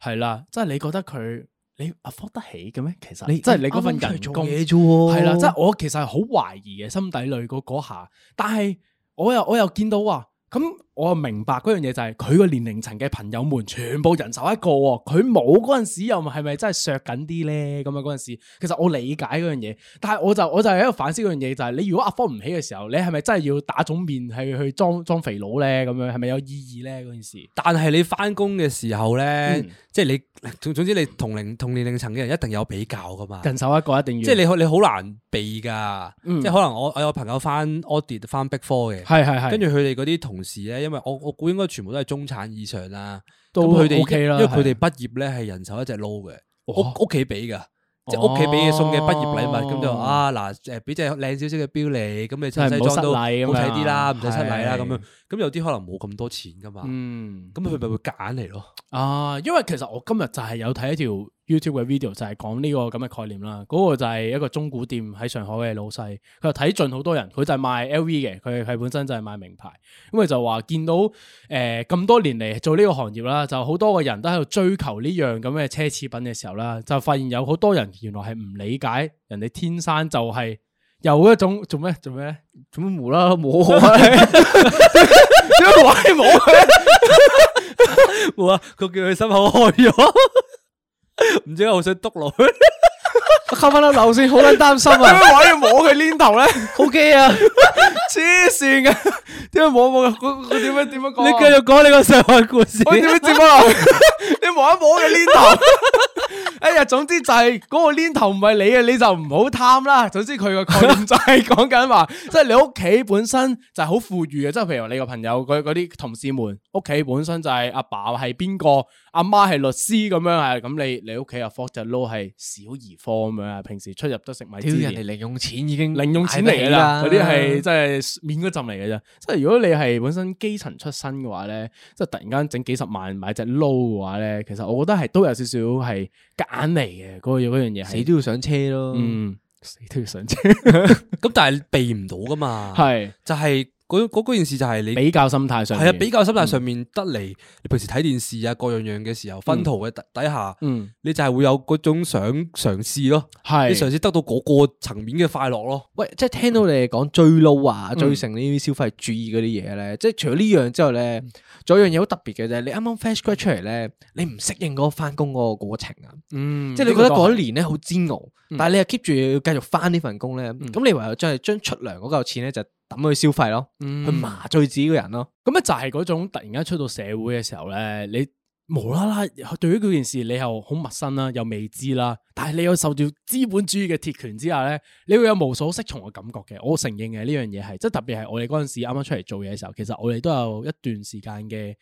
係啦林，即係你覺得佢。你 afford 得起嘅咩？其實你，即係你嗰份人工，做嘢啫喎。係啦，即係我其實係好懷疑嘅心底裏嗰下，但係我又我又見到話，咁。我明白嗰樣嘢就係佢個年齡層嘅朋友們全部人手一個喎，佢冇嗰陣時又係咪真係削緊啲咧？咁啊嗰陣時，其實我理解嗰樣嘢，但係我就我就喺度反思嗰樣嘢就係你如果 afford 唔起嘅時候，你係咪真係要打腫面去去裝裝肥佬咧？咁樣係咪有意義咧？嗰件事但係你翻工嘅時候咧，嗯、即係你總,總之你同齡同年齡層嘅人一定有比較噶嘛，人手一個一定要，即係你你好難避㗎，嗯、即係可能我我有朋友翻 audit 翻 Big Four 嘅，係係係，跟住佢哋嗰啲同事咧。因為我我估應該全部都係中產以上啦，到佢哋因為佢哋畢業咧係人手一隻勞嘅，屋屋企俾噶，哦、即係屋企俾嘢送嘅畢業禮物，咁、哦、就啊嗱，誒俾隻靚少少嘅表你可可裝到，咁你穿西裝都好睇啲啦，唔使失禮啦咁樣，咁有啲可能冇咁多錢噶嘛，嗯，咁佢咪會夾硬嚟咯，啊，因為其實我今日就係有睇一條。YouTube 嘅 video 就係講呢個咁嘅概念啦，嗰、嗰個就係一個中古店喺上海嘅老細，佢就睇盡好多人，佢就係賣 LV 嘅，佢係本身就係賣名牌，咁咪就話見到誒咁、呃、多年嚟，做呢個行業啦，就好多個人都喺度追求呢樣咁嘅奢侈品嘅時候啦，就發現有好多人原來係唔理解人哋天生就係有一種做咩做咩做乜啦冇開，點解話冇冇啊！佢 叫佢心口開咗。唔知我好想篤落去， 我靠翻粒樓先，好撚擔心啊！點解我要摸佢呢頭咧，好驚啊，黐綫嘅，點解摸摸？佢我點樣點樣講？你繼續講你個上海故事。我點樣接啊？你摸一摸佢呢頭？ 哎呀，總之就係嗰個鏈頭唔係你嘅，你就唔好貪啦。總之佢個概念就係講緊話， 即係你屋企本身就係好富裕嘅，即係譬如你個朋友嗰啲同事們屋企本身就係阿爸係邊個，阿媽係律師咁樣啊。咁你你屋企啊，科隻撈係小兒科咁樣啊。平時出入都食米，要人哋零用錢已經零用錢嚟噶啦，嗰啲係即係免嗰陣嚟嘅啫。即係如果你係本身基層出身嘅話咧，即係突然間整幾十萬買隻撈嘅話咧，其實我覺得係都有少少係。夾硬嚟嘅嗰個嗰樣嘢，死都要上車咯，嗯，死都要上車，咁 但係避唔到㗎嘛，係是就係、是。嗰件事就係你比較心態上係啊，比較心態上面得嚟，你平時睇電視啊，各樣樣嘅時候分圖嘅底下，嗯，你就係會有嗰種想嘗試咯，係嘗試得到嗰個層面嘅快樂咯。喂，即係聽到你講最撈啊，最成呢啲消費主義嗰啲嘢咧，即係除咗呢樣之外咧，仲有樣嘢好特別嘅啫。你啱啱 fresh graduate 出嚟咧，你唔適應嗰個翻工嗰個過程啊，嗯，即係你覺得嗰一年咧好煎熬，但係你又 keep 住要繼續翻呢份工咧，咁你唯有將將出糧嗰嚿錢咧就。咁去消費咯，去麻醉自己個人咯。咁啊、嗯， 就係嗰種突然間出到社會嘅時候咧，你無啦啦對於嗰件事你又好陌生啦，又未知啦。但係你又受到資本主義嘅鐵拳之下咧，你會有無所適從嘅感覺嘅。我承認嘅呢樣嘢係，即係特別係我哋嗰陣時啱啱出嚟做嘢嘅時候，其實我哋都有一段時間嘅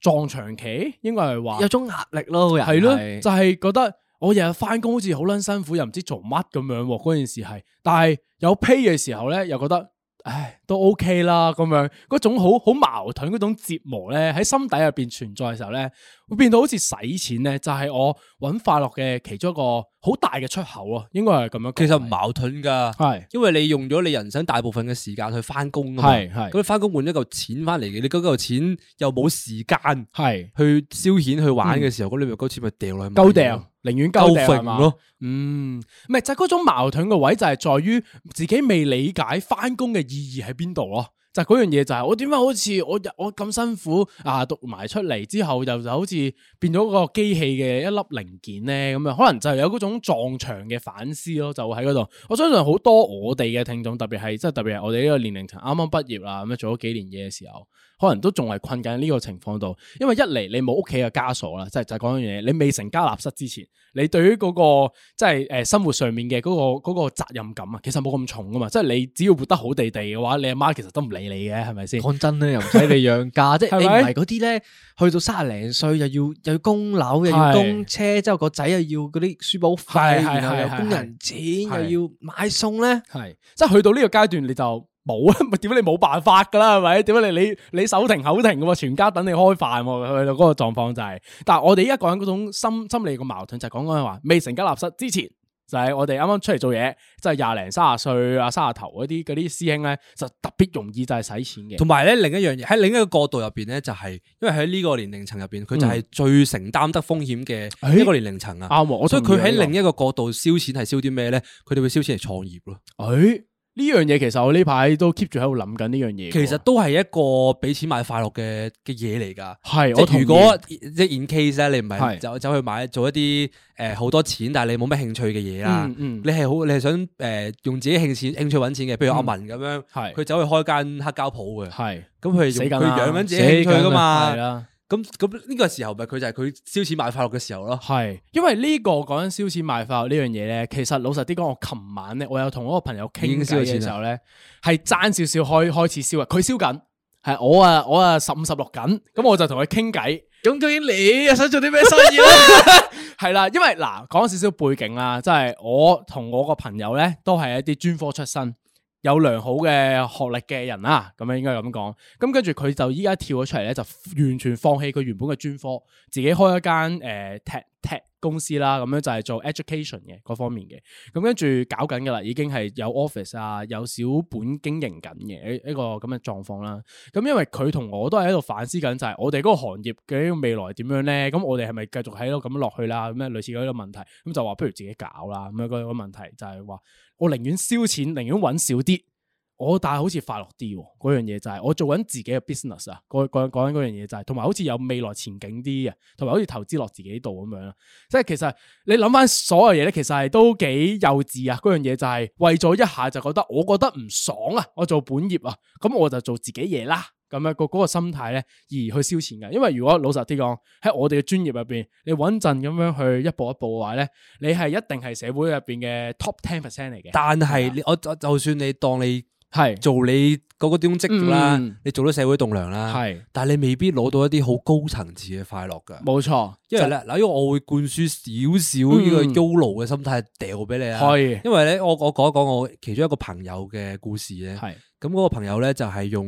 撞牆期，應該係話有種壓力咯。個人係咯， 就係、是、覺得我日日翻工好似好撚辛苦，又唔知做乜咁樣。嗰件事係，但係有 pay 嘅時候咧，又覺得。唉，都 OK 啦，咁樣嗰種好好矛盾嗰種折磨咧，喺心底入邊存在嘅時候咧，會變到好似使錢咧，就係、是、我搵快樂嘅其中一個好大嘅出口啊。應該係咁樣。其實唔矛盾噶，係是因為你用咗你人生大部分嘅時間去翻工，係係咁你翻工換一嚿錢翻嚟嘅，你嗰嚿錢又冇時間係去消遣去玩嘅時候，咁你咪嗰嚿錢咪掉啦，丟掉。寧願交定係嗯，唔係、嗯、就係、是、嗰種矛盾嘅位就係在於自己未理解返工嘅意義喺邊度咯。就係嗰樣嘢，就係我點解好似我我咁辛苦啊，讀埋出嚟之後又就好似變咗個機器嘅一粒零件咧咁啊？可能就係有嗰種撞牆嘅反思咯，就喺嗰度。我相信好多我哋嘅聽眾，特別係即係特別係我哋呢個年齡層啱啱畢業啦，咁樣做咗幾年嘢嘅時候。可能都仲係困緊呢個情況度，因為一嚟你冇屋企嘅枷鎖啦，即係就係講一樣嘢，你未成家立室之前，你對於嗰個即係誒生活上面嘅嗰個嗰個責任感啊，其實冇咁重噶嘛，即係你只要活得好地地嘅話，你阿媽其實都唔理你嘅，係咪先？講真咧，又唔使你養家，即係你唔係嗰啲咧？去到三十零歲又要又要供樓，又要供車，之是後個仔又要嗰啲書簿費，然後又工人錢，是是又要買餸咧，係即係去到呢個階段你就。冇啊！點解 你冇辦法噶啦？係咪？點解你你你手停口停噶？喎，全家等你開飯，佢、那、嗰個狀況就係、是。但係我哋依家講緊嗰種心心理個矛盾，就係講緊話未成家立室之前，就係、是、我哋啱啱出嚟做嘢，即係廿零卅歲啊卅頭嗰啲嗰啲師兄咧，就特別容易就係使錢嘅。同埋咧另一樣嘢，喺另一個角度入邊咧，就係因為喺呢個年齡層入邊，佢、嗯、就係最承擔得風險嘅一個年齡層啊。啱我、欸、所以佢喺另一個角度燒錢係燒啲咩咧？佢哋會燒錢嚟創業咯。誒、欸。呢樣嘢其實我呢排都 keep 住喺度諗緊呢樣嘢。其實都係一個俾錢買快樂嘅嘅嘢嚟㗎。係，即係如果即係 in case 咧，你唔係走走去買做一啲誒好多錢，但係你冇咩興趣嘅嘢啦。你係好，你係想誒用自己興趣興趣揾錢嘅，譬如阿文咁樣，佢走、嗯、去開間黑膠鋪嘅。係是，咁佢佢養緊自己興趣㗎嘛。咁咁呢個時候咪佢就係佢燒錢買快樂嘅時候咯，係，因為呢個講緊燒錢買快樂呢樣嘢咧，其實老實啲講，我琴晚咧，我有同一個朋友傾偈嘅時候咧，係爭少少開開始燒啊，佢燒緊，係我啊我啊十五十六緊，咁我就同佢傾偈，咁 究竟你又想做啲咩生意咧？係啦， 因為嗱講少少背景啦，即係我同我個朋友咧都係一啲專科出身。有良好嘅學歷嘅人啦、啊，咁樣應該咁講。咁跟住佢就依家跳咗出嚟咧，就完全放棄佢原本嘅專科，自己開一間誒踢。呃 T Tech 公司啦，咁樣就係、是、做 education 嘅嗰方面嘅，咁跟住搞緊噶啦，已經係有 office 啊，有小本經營緊嘅一一個咁嘅狀況啦。咁因為佢同我都係喺度反思緊，就係我哋嗰個行業究竟未來點樣咧？咁我哋係咪繼續喺度咁樣落去啦？咁樣類似嗰啲問題，咁就話不如自己搞啦。咁、那、有個問題就係話，我寧願燒錢，寧願搵少啲。我但係好似快樂啲喎，嗰樣嘢就係我做緊自己嘅 business 啊、就是！講講講緊嗰樣嘢就係，同埋好似有未來前景啲啊，同埋好似投資落自己度咁樣。即係其實你諗翻所有嘢咧，其實係都幾幼稚啊！嗰樣嘢就係為咗一下就覺得我覺得唔爽啊！我做本業啊，咁我就做自己嘢啦。咁樣個嗰個心態咧而去燒錢嘅，因為如果老實啲講喺我哋嘅專業入邊，你穩陣咁樣去一步一步嘅話咧，你係一定係社會入邊嘅 top ten percent 嚟嘅。但係你我吧我就算你當你。係是做你嗰個點樣職業啦，嗯、你做到社會棟梁啦，係是，但係你未必攞到一啲好高層次嘅快樂噶。冇錯，因為咧嗱，因為我會灌輸少少呢個焦慮嘅心態掉俾你啊。可是因為咧，我我講一講我其中一個朋友嘅故事咧。係是，咁嗰個朋友咧就係用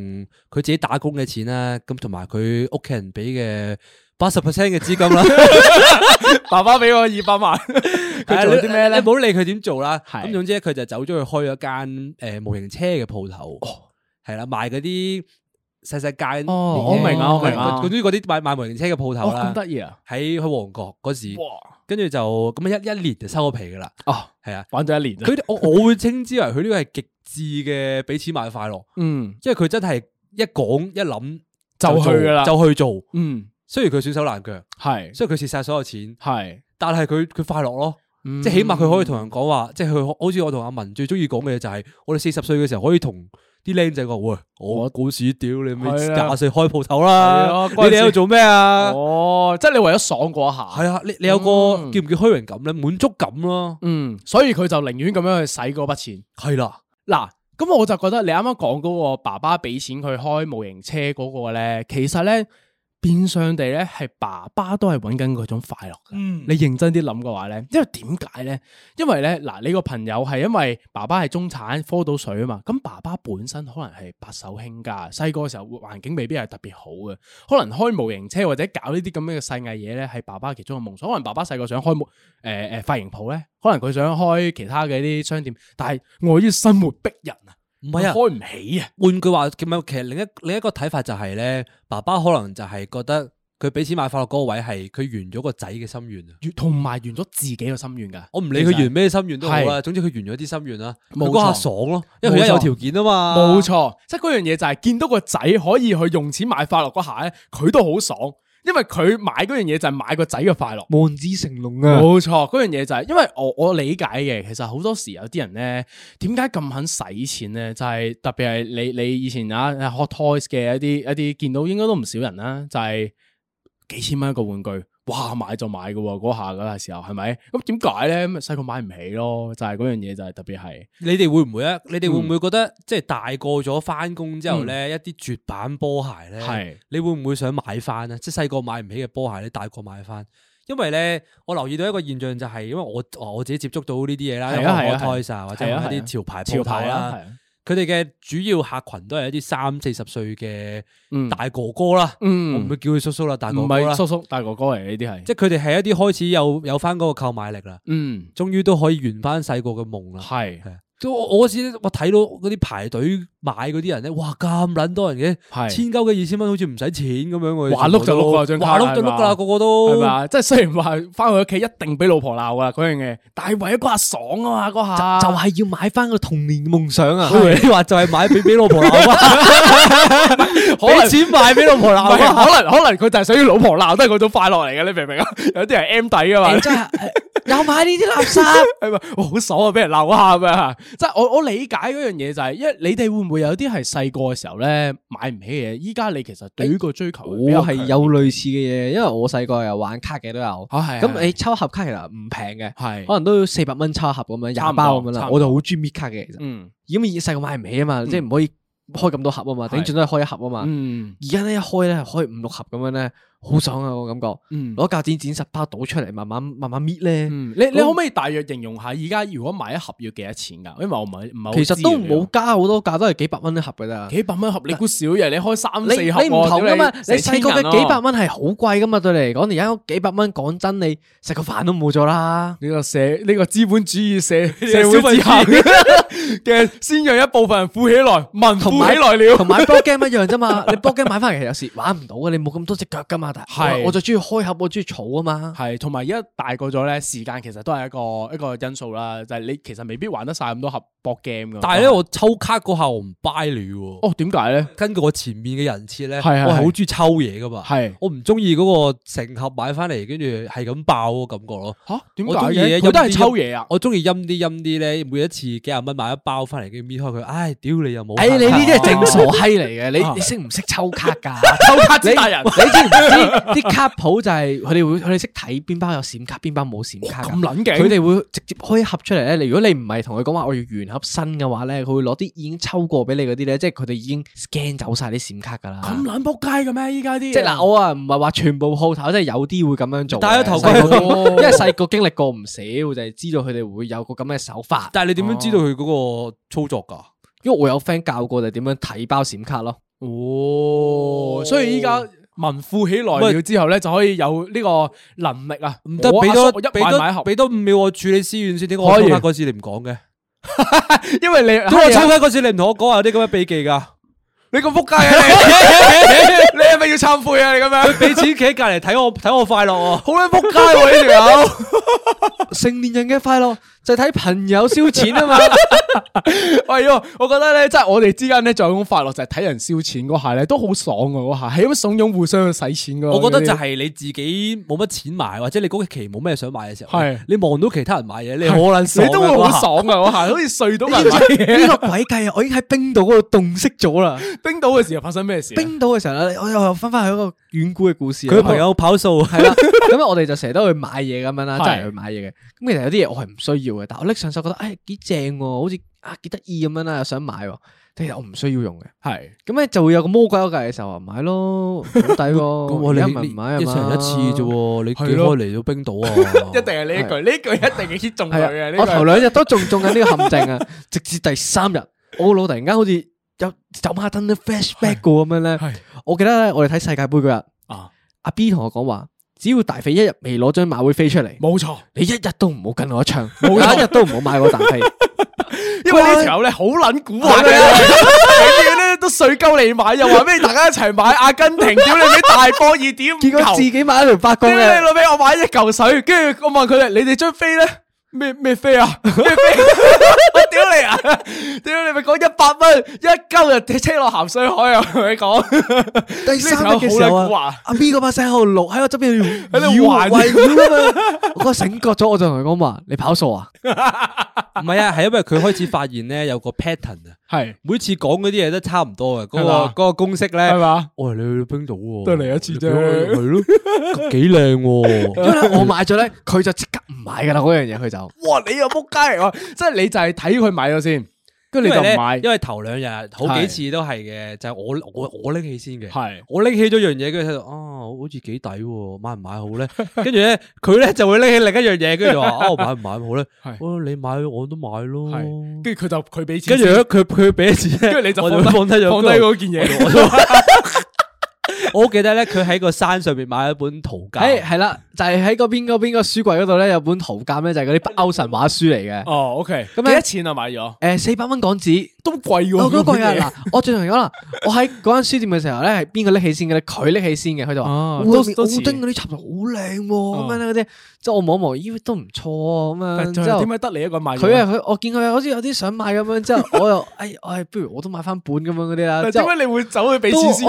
佢自己打工嘅錢啦，咁同埋佢屋企人俾嘅。八十 percent 嘅資金啦，爸爸俾我二百萬，佢做啲咩咧？你唔好理佢點做啦。咁總之，佢就走咗去開咗間誒模型車嘅鋪頭，係啦，賣嗰啲細細間。哦，我明啊，我明啊。總之嗰啲賣賣模型車嘅鋪頭啦，咁得意啊！喺喺旺角嗰時，跟住就咁一一年就收咗皮噶啦。哦，係啊，玩咗一年。佢我我會稱之為佢呢個係極致嘅俾錢買快樂。嗯，因為佢真係一講一諗就去噶啦，就去做嗯。雖然佢損手爛腳，係是，雖然佢蝕晒所有錢，係是。但係佢佢快樂咯，嗯、即係起碼佢可以同人講話，即係佢好似我同阿文最中意講嘅嘢就係，我哋四十歲嘅時候可以同啲僆仔講，喂，我嗰時屌你咪廿歲開鋪頭啦，你喺度做咩啊？啊哦，即係你為咗爽過一下，係、嗯、啊，你你有個叫唔叫虛榮感咧，滿足感咯、啊，嗯，所以佢就寧願咁樣去使嗰筆錢，係啦、啊，嗱，咁我就覺得你啱啱講嗰個爸爸俾錢佢開模型車嗰個咧，其實咧。變相地咧，係爸爸都係揾緊嗰種快樂。嗯，你認真啲諗嘅話咧，因爲點解咧？因爲咧，嗱，你個朋友係因爲爸爸係中產，科到水啊嘛。咁爸爸本身可能係白手興家，細個嘅時候環境未必係特別好嘅，可能開模型車或者搞呢啲咁樣嘅細藝嘢咧，係爸爸其中嘅夢想。可能爸爸細個想開模，誒、呃、誒、發、呃、型鋪咧，可能佢想開其他嘅一啲商店，但係礙於生活逼人啊。唔係啊，開唔起啊。換句話叫咩？其實另一另一個睇法就係咧，爸爸可能就係覺得佢俾錢買快樂嗰個位係佢完咗個仔嘅心願啊，同埋完咗自己嘅心願噶。我唔理佢完咩心願都好啦，總之佢完咗啲心願啦，佢嗰下爽咯，因為佢而家有條件啊嘛。冇錯，即係嗰樣嘢就係見到個仔可以去用錢買快樂嗰下咧，佢都好爽。因為佢買嗰樣嘢，就係買個仔嘅快樂，望子成龍啊！冇錯，嗰樣嘢就係、是，因為我我理解嘅，其實好多時有啲人咧，點解咁肯使錢咧？就係、是、特別係你你以前啊 hot toys 嘅一啲一啲見到，應該都唔少人啦、啊，就係、是、幾千蚊一個玩具。哇！買就買嘅喎，嗰下嘅時候係咪？咁點解咧？細個買唔起咯，就係嗰樣嘢，就係特別係。你哋會唔會咧？嗯、你哋會唔會覺得即係大個咗翻工之後咧，嗯、一啲絕版波鞋咧，嗯、你會唔會想買翻咧？是即係細個買唔起嘅波鞋，你大個買翻？因為咧，我留意到一個現象就係、是，因為我我自己接觸到呢啲嘢啦，阿阿泰啊，或者啲潮牌潮牌啦。佢哋嘅主要客群都係一啲三四十歲嘅大哥哥啦。嗯，嗯，我唔會叫佢叔叔啦，大哥哥啦唔係叔叔，大哥哥嚟呢啲係，即係佢哋係一啲開始有有翻嗰個購買力啦，嗯，終於都可以圓翻細個嘅夢啦，係。我我我睇到嗰啲排隊買嗰啲人咧，哇咁撚多人嘅，千鳩嘅二千蚊好似唔使錢咁樣，我話碌就碌啊張卡，話碌就碌噶啦，個個都係嘛，即係雖然話翻去屋企一定俾老婆鬧噶嗰樣嘢，但係為咗個爽啊嘛，嗰下就係要買翻個童年夢想啊，你話就係買俾俾老婆鬧，俾錢買俾老婆鬧，可能可能佢就係想要老婆鬧都係嗰種快樂嚟嘅，你明唔明啊？有啲人 M 底噶嘛。有買呢啲垃圾係咪？好爽啊！俾人鬧下係啊？即係我我理解嗰樣嘢就係，因為你哋會唔會有啲係細個嘅時候咧買唔起嘅嘢？依家你其實對於個追求，我係有類似嘅嘢。因為我細個又玩卡嘅都有，咁你抽盒卡其實唔平嘅，係可能都要四百蚊抽一盒咁樣，廿包咁樣啦。我就好中意搣卡嘅，嗯，因為以前細個買唔起啊嘛，即係唔可以開咁多盒啊嘛，頂多都係開一盒啊嘛。而家咧一開咧開五六盒咁樣咧。好爽啊！我感覺，攞膠剪剪十包倒出嚟，慢慢慢慢搣咧。你你可唔可以大約形容下？而家如果買一盒要幾多錢噶？因為我唔係唔係。其實都冇加好多價，都係幾百蚊一盒噶咋。幾百蚊一盒你估少嘢？你開三四盒。你唔同噶嘛？你細個嘅幾百蚊係好貴噶嘛？對你嚟講，而家幾百蚊講真，你食個飯都冇咗啦。呢個社呢個資本主義社社會下嘅，先讓一部分人富起來，民富起來了，同買波 game 一樣啫嘛。你波 game 買翻嚟有時玩唔到嘅，你冇咁多隻腳噶嘛。係，我就中意開盒，我中意儲啊嘛。係，同埋而家大個咗咧，時間其實都係一個一個因素啦。就係你其實未必玩得晒咁多盒博 game 噶。但係咧，我抽卡嗰下我唔 buy 你。哦，點解咧？根據我前面嘅人設咧，我係，好中意抽嘢噶嘛。係，我唔中意嗰個成盒買翻嚟，跟住係咁爆嗰個感覺咯。吓，點解嘅？我都係抽嘢啊！我中意陰啲陰啲咧，每一次幾廿蚊買一包翻嚟，跟住搣開佢，唉，屌你又冇。唉，你呢啲係正傻閪嚟嘅，你你識唔識抽卡噶？抽卡之大人，你知唔知？啲卡鋪就係佢哋會，佢哋識睇邊包有閃卡，邊包冇閃卡。咁卵嘅，佢哋會直接開盒出嚟咧。如果你唔係同佢講話我要原盒新嘅話咧，佢會攞啲已經抽過俾你嗰啲咧，即係佢哋已經 scan 走晒啲閃卡噶啦。咁卵仆街嘅咩？依家啲即係嗱，我啊唔係話全部鋪頭，即係有啲會咁樣做。戴咗頭盔好多，因為細個經歷過唔少， 就係知道佢哋會有個咁嘅手法。但係你點樣知道佢嗰個操作噶？啊、因為我有 friend 教過就係點樣睇包閃卡咯。哦，所以依家。民富起來了之後咧，就可以有呢個能力啊！唔得，俾多一俾多俾多五秒我處理私怨先。點解我抽卡嗰次你唔講嘅？ 因為你，時你我抽卡嗰次你唔同我講有啲咁嘅秘技噶、 啊，你咁仆街嘅你，你係咪要懺悔啊？你咁樣，俾錢，企喺隔籬睇我睇我快樂哦、啊，好鬼仆街喎呢條友，成年人嘅快樂。就睇朋友燒錢啊嘛，係喎！我覺得咧，即係我哋之間咧，仲有種快樂，就係睇人燒錢嗰下咧，都好爽嘅嗰下，係因為慫恿互相去使錢嘅。我覺得就係你自己冇乜錢買，或者你嗰期冇咩想買嘅時候，你望到其他人買嘢，你可能你都會好爽嘅嗰下，好似睡到人買嘢。呢個鬼計啊！我已經喺冰島嗰度凍識咗啦。冰島嘅時候發生咩事？冰島嘅時候咧，我又又翻翻去一個遠古嘅故事。佢朋友跑數係啦，咁我哋就成日都去買嘢咁樣啦，真係去買嘢嘅。咁其實有啲嘢我係唔需要。但我拎上手覺得，哎，幾正，好似啊幾得意咁樣啦，又想買，聽日我唔需要用嘅，係咁咧就會有個魔鬼喺隔籬嘅時候話買咯，好抵喎，一文買啊嘛，一次啫，你幾開嚟到冰島啊？一定係呢一句，呢句一定 hit 中佢嘅，我頭兩日都仲中緊呢個陷阱啊，直至第三日，我腦突然間好似有走馬燈 flashback 過咁樣咧，我記得咧我哋睇世界杯嗰日，阿 B 同我講話。只要大肥一日未攞張馬會飛出嚟，冇錯錯，你一日都唔好跟我唱，冇沒用 一日都唔好買我大飛， 因為呢條友咧好捻蠱惑啊！你哋咧都水鳩嚟買，又話咩大家一齊買阿根廷，屌你啲大波二點，結果自己買一條法國嘅，攞俾我買一嚿水，跟住我問佢，你哋張飛咧？咩咩飛啊！我屌 你啊！屌你咪講一百蚊一鳩人就車落鹹水海啊！同你講，第三日嘅時候阿 B 嗰把聲喺度錄喺我側邊耳環咁啊！我醒覺咗，我就同佢講話：你跑數啊？唔係 啊，係因為佢開始發現咧有個 pattern 啊。係是每次講嗰啲嘢都差唔多嘅，嗰、那個嗰的個公式呢，係嘛吧？你去到冰島、啊，再嚟一次啫，係 咯，幾靚、啊？ 我買咗咧，佢就即刻唔買噶啦，嗰樣嘢佢就，哇！你又仆街啊？ 即係你就係睇佢買咗先。跟住你就買，因為頭兩日好幾次都係嘅，是就我我我拎起先嘅，是我拎起咗樣嘢，跟住睇度，啊，好似幾抵，買唔買好咧？跟住咧，佢咧就會拎起另一樣嘢，跟住話，哦、啊，買唔買好咧？哦是、啊，你買我都買咯，跟住佢就佢俾錢，跟住佢佢俾錢，跟住 你就放低咗，放低件嘢。 我記得咧，佢喺個山上邊買咗一本圖鑑，係啦，就係喺嗰邊嗰邊個書櫃嗰度咧有本圖鑑咧，就係嗰啲北歐神話書嚟嘅。哦，OK，咁幾多錢啊？買咗？誒，四百蚊港紙都貴喎，都貴啊！嗱，我最同你講啦，我喺嗰間書店嘅時候咧，係邊個拎起先嘅咧？佢拎起先嘅，佢就話：我見奧丁嗰啲插圖好靚咁樣咧，嗰啲，即係我望一望，咦都唔錯啊咁樣。之後點解得你一個買？佢啊，佢我見佢好似有啲想買咁樣，之後我又，哎，不如我都買翻本咁樣嗰啲啦。點解你會走去俾錢先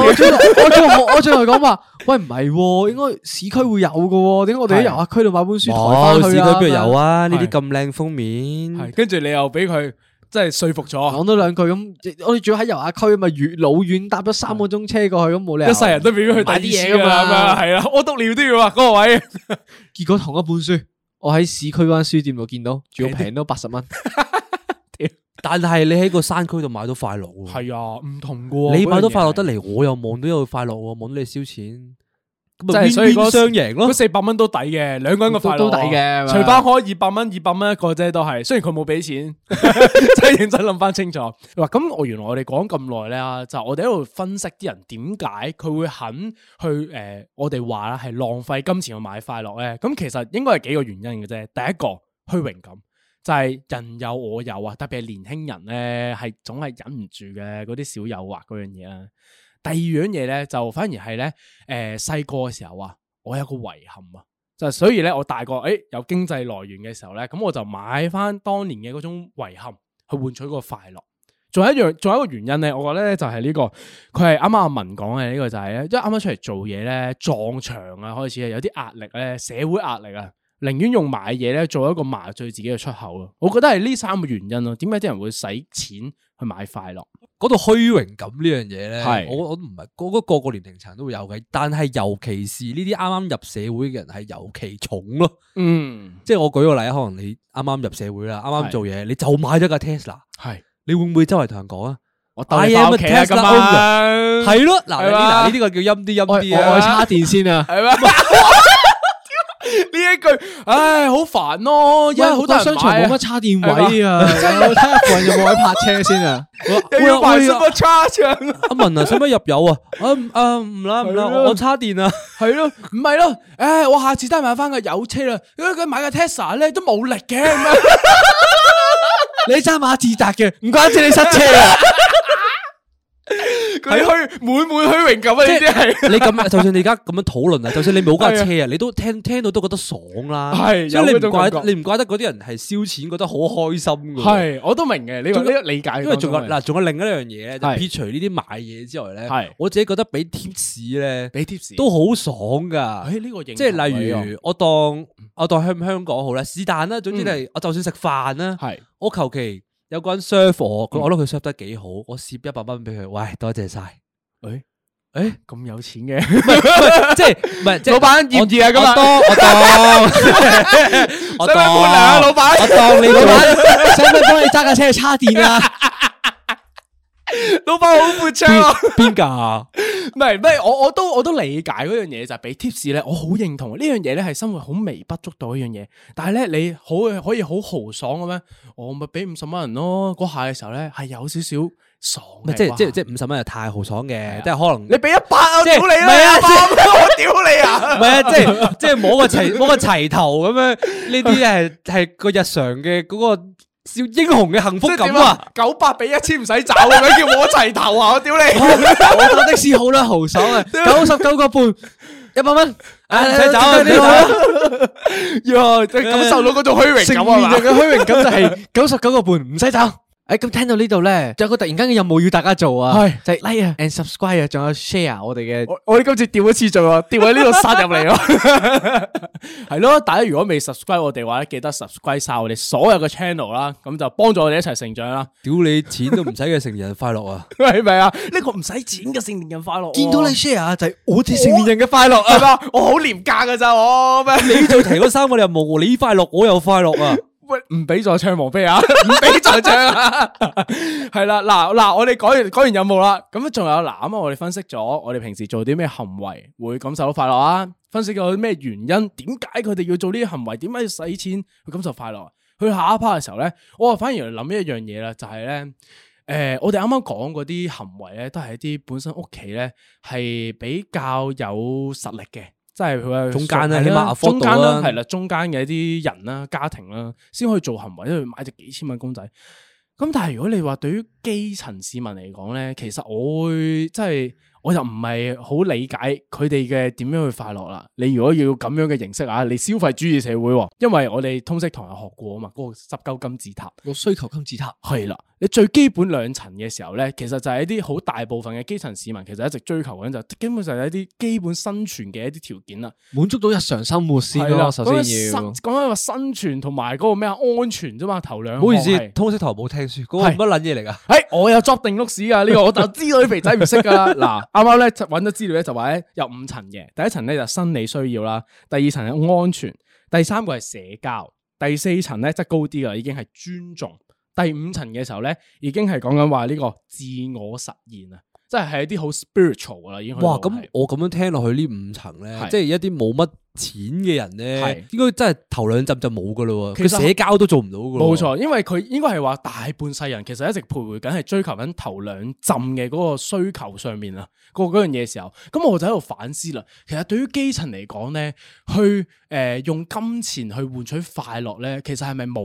我最後講話，喂唔係、哦，應該市區會有噶，點解我哋喺遊客區度買本書抬？翻去市區邊有啊？呢啲咁靚封面，跟住你又俾佢即係說服咗，講多兩句咁，我哋仲要喺遊客區，咪遠老遠搭咗三個鐘車過去咁，冇理由一世人，都俾佢買啲嘢噶嘛。係啊，我讀了都要啊。嗰個位，結果同一本書，我喺市區嗰間書店度見到，仲要平多八十蚊。 但係你喺個山區度買到快樂喎，係啊，唔同噶。你買到快樂得嚟，我又望到有個快樂，望到、嗯、你燒錢，所以，雙贏咯。四百蚊都抵嘅，兩個人個都抵嘅，除翻開二百蚊，二百蚊一個啫，都係。雖然佢冇俾錢， 真係認真諗翻清楚。嗱、 嗯，咁我原來我哋講咁耐咧，就是、我哋喺度分析啲人點解佢會肯去誒、呃，我哋話啦係浪費金錢去買快樂咧。咁其實應該係幾個原因嘅啫。第一個虛榮感。就係人有我有啊，特別係年輕人咧，係總係忍唔住嘅嗰啲小誘惑嗰樣嘢啦、啊。第二樣嘢咧，就反而係咧，誒細個嘅時候啊，我有一個遺憾啊，就是、所以咧，我大個誒、哎、有經濟來源嘅時候咧，咁我就買翻當年嘅嗰種遺憾去換取個快樂。仲有一樣，仲有一個原因咧，我覺得咧就係、是、呢、這個，佢係啱啱阿文講嘅呢個就係、是、咧，因為啱啱出嚟做嘢咧撞牆啊，開始啊有啲壓力咧，社會壓力啊。寧願用買嘢咧做一個麻醉自己嘅出口咯，我覺得係呢三個原因咯。點解啲人會使錢去買快樂？嗰個虛榮感呢樣嘢咧，我我唔係，我覺得個個年齡層都會有嘅。但係尤其是呢啲啱啱入社會嘅人係尤其重咯。嗯，即係我舉個例，可能你啱啱入社會啦，啱啱做嘢，是你就買咗架 Tesla，係，是你會唔會周圍同人講啊？我兜你翻屋企啊咁啊，係咯嗱，嗱呢啲個叫陰啲陰啲啊，我我叉電先啊。呢一句，唉，好煩咯，因為好多商場冇乜叉電位啊，睇下佢有冇位泊車先啊。你要叉車？阿文啊，使乜入油啊？啊唔啦唔啦，我插電啊。係咯，唔係咯，唉，我下次都係買返個有車啊，如果佢買架 Tesla 咧都冇力嘅，你揸馬自達嘅，唔怪之你塞車啊。佢虛，滿滿虛榮感啊！即係你咁，就算你而家咁樣討論啊，就算你冇架車啊，你都聽聽到都覺得爽啦。係，你唔怪，你唔怪得嗰啲人係燒錢，覺得好開心。係，我都明嘅，你你理解。因為仲有嗱，仲有另一樣嘢咧，撇除呢啲買嘢之外咧，我自己覺得俾 tips 咧，俾 tips 都好爽噶。誒，呢個即係例如，我當我當香香港好咧，是但啦。總之係，我就算食飯啦，我求其。有個人 serve 我，我諗佢 serve 得幾好，我蝕一百蚊俾佢，喂，多謝晒，誒誒，咁有錢嘅，即係唔係，老闆，我多，我當我當，老闆，我當你老闆，使乜幫你揸架車去叉電啊？老闆好闊綽，邊架？唔係唔係，我我都我都理解嗰樣嘢就係俾 tips 咧，我好認同呢樣嘢咧係生活好微不足道一樣嘢，但係咧你好可以好豪爽嘅咩？我咪俾五十蚊人咯，嗰下嘅時候咧係有少少爽，即係即係即係五十蚊係太豪爽嘅，即係可能你俾一百啊，屌你啦，一百蚊我屌你啊，唔係即係即係摸個齊摸個齊頭咁樣呢啲係係個日常嘅嗰個。小英雄嘅幸福感啊！九百俾一千唔使找，咁叫我齊頭啊！我屌你，我打的士好啦，豪爽啊！九十九個半，一百蚊，唔使找啊！呢個，喲，感受到嗰種虛榮感啊嘛，成年嘅虛榮感就係九十九個半，唔使找。誒，咁、哎、聽到呢度咧，就有個突然間嘅任務要大家做啊，是就 like 啊，and subscribe 啊，仲有 share 我哋嘅。我哋今次掉一次做啊，掉喺呢度殺入嚟 咯。係咯，大家如果未 subscribe 我哋嘅話咧，記得 subscribe 晒我哋所有嘅 channel 啦，咁就幫助我哋一齊成長啦。屌你，錢都唔使嘅成年人快樂啊， 啊，係咪啊？呢個唔使錢嘅成年人快樂、啊。見到你 share 啊，就係我哋成年人嘅快樂啊，我 啊，我好廉價噶咋我？你再提嗰三個任務，你快樂我又快樂啊。唔俾再唱王菲啊！唔俾再唱，係啦、 啊，嗱、啊、嗱、啊，我哋講完講完任務啦。咁仲有嗱，咁啊，我哋分析咗我哋平時做啲咩行為會感受到快樂啊？分析咗啲咩原因？點解佢哋要做呢啲行為？點解要使錢去感受快樂？去下一 part 嘅時候咧，我啊反而諗一樣嘢啦，就係、是、咧，誒、呃，我哋啱啱講嗰啲行為咧，都係一啲本身屋企咧係比較有實力嘅。即係佢喺中間啦，喺中間啦，係啦，中間嘅一啲人啦、家庭啦，先可以做行為，因為買隻幾千蚊公仔。咁但係如果你話對於基層市民嚟講咧，其實我會即係我就唔係好理解佢哋嘅點樣去快樂啦。你如果要咁樣嘅形式啊，你消費主義社會，因為我哋通識堂學過啊嘛，嗰個十鳩金字塔，個需求金字塔係啦。你最基本兩層嘅時候咧，其實就係一啲好大部分嘅基層市民其實一直追求緊就基本上係一啲基本生存嘅一啲條件啦，滿足到日常生活先啦，的首先要講緊一個生存同埋嗰個咩啊，安全啫嘛，頭兩。唔好意思，通識台冇聽書，嗰個乜撚嘢嚟噶？誒，我有作定屋史噶，呢個我就知女肥仔唔識噶啦。嗱，啱啱咧揾到資料咧就話有五層嘅，第一層咧就生理需要啦，第二層係安全，第三個係社交，第四層咧則高啲噶，已經係尊重。第五層嘅時候咧，已經係講緊話呢個自我實現啊，即係係一啲好 spiritual 啦，哇已經。哇，咁我咁樣聽落去呢五層咧，即係的一啲冇乜，錢嘅人咧，應該真係頭兩浸就冇噶咯，佢社交都做唔到噶咯。冇錯，因為佢應該係話大半世人，其實一直徘徊緊係追求緊頭兩浸嘅嗰個需求上面啦，嗰嗰樣嘢時候，咁我就喺度反思啦。其實對於基層嚟講咧，去誒、呃、用金錢去換取快樂咧，其實係咪冇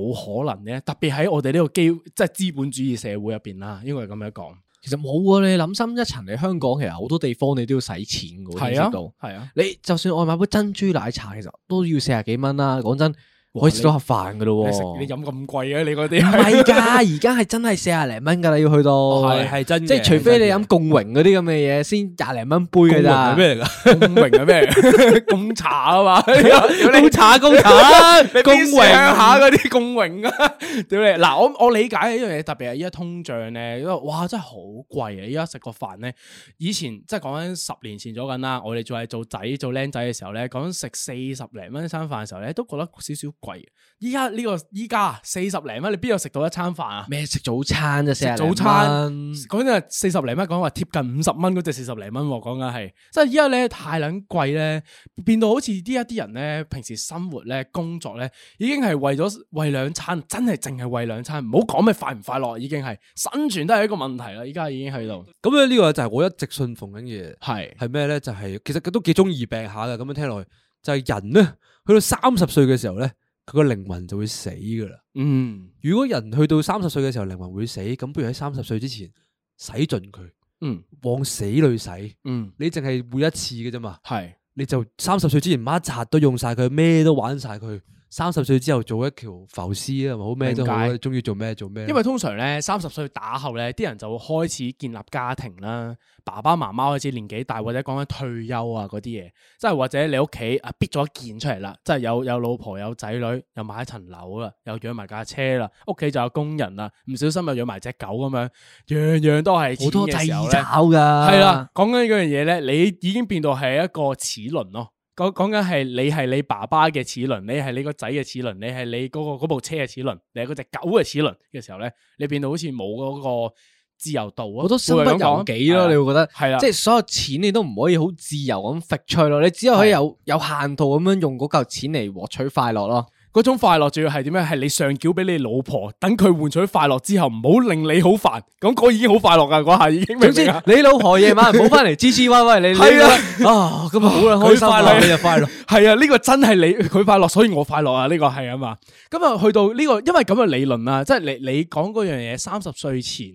可能咧？特別喺我哋呢個基即係資本主義社會入邊啦，應該係咁樣講。其實冇喎、啊，你諗深一層，你香港其實好多地方你都要使錢嘅喎，你知道你就算我買杯珍珠奶茶，其實都要四十幾蚊啦，講真。可以食到下飯噶咯，你食，你飲咁貴嘅你嗰啲唔係噶，而家係真係四十零蚊噶啦，要去到係係真，即係除非你飲共榮嗰啲咁嘅嘢，先廿零蚊杯噶咋？咩嚟噶？貢榮係咩嚟？貢茶啊嘛，貢茶貢茶，共榮下嗰啲共榮啊，對唔住。嗱，我我理解呢樣嘢，特別係依家通脹咧，因為哇真係好貴啊！依家食個飯咧，以前即係講緊十年前左近啦，我哋仲係做仔做僆仔嘅時候咧，講食四十零蚊一餐飯嘅時候咧，都覺得少少。貴，依家呢個依家四十零蚊，你邊度食到一餐飯啊？咩食早餐啫、啊？食早餐，講真係四十零蚊，講話貼近五十蚊嗰隻四十零蚊，講緊係，即係依家咧太捻貴咧，變到好似啲一啲人咧，平時生活咧、工作咧，已經係為咗為兩餐，真係淨係為兩餐，唔好講咩快唔快樂，已經係生存都係一個問題啦。依家已經喺度，咁樣呢個就係我一直信奉緊嘅，係，係咩咧？就係、是、其實佢都幾中意病下嘅。咁樣聽落去，就係、是、人咧，去到三十歲嘅時候咧。佢個靈魂就會死噶啦。嗯，如果人去到三十歲嘅時候靈魂會死，咁不如喺三十歲之前使盡佢。嗯，往死裏使。嗯，你淨係每一次嘅啫嘛。係是，你就三十歲之前乜柒都用晒佢，咩都玩晒佢。三十歲之後做一條浮絲啊，好咩都好，中意做咩做咩。因為通常咧，三十歲打後咧，啲人就會開始建立家庭啦。爸爸媽媽開始年紀大，或者講緊退休啊嗰啲嘢，即係或者你屋企啊，逼咗一件出嚟啦，即係有有老婆有仔女，又買一層樓啦，又養埋架車啦，屋企就有工人啦，唔小心又養埋隻狗咁樣，樣樣都係好多掣肘噶。係啦，講緊呢樣嘢咧，你已經變到係一個齒輪咯。講講緊係你係你爸爸嘅齒輪，你係你個仔嘅齒輪，你係你嗰個部車嘅齒輪，你係嗰隻狗嘅齒輪嘅時候咧，你變到好似冇嗰個自由度啊，好多身不由己咯，會啊、你會覺得係啦，的即係所有錢你都唔可以好自由咁馳騁咯，你只可以有的有限度咁樣用嗰嚿錢嚟獲取快樂咯。嗰種快樂仲要係點樣？係你上繳俾你老婆，等佢換取快樂之後，唔好令你好煩。咁嗰已經好快樂噶，嗰下已經明。總之，你老婆夜晚唔好翻嚟，之之歪歪你。係啊，啊咁啊好啦，開心你又快樂，係啊，呢個真係你佢快樂，所以我快樂啊，呢個係啊嘛。咁啊，去到呢個，因為咁嘅理論啦，即係你你講嗰樣嘢，三十歲前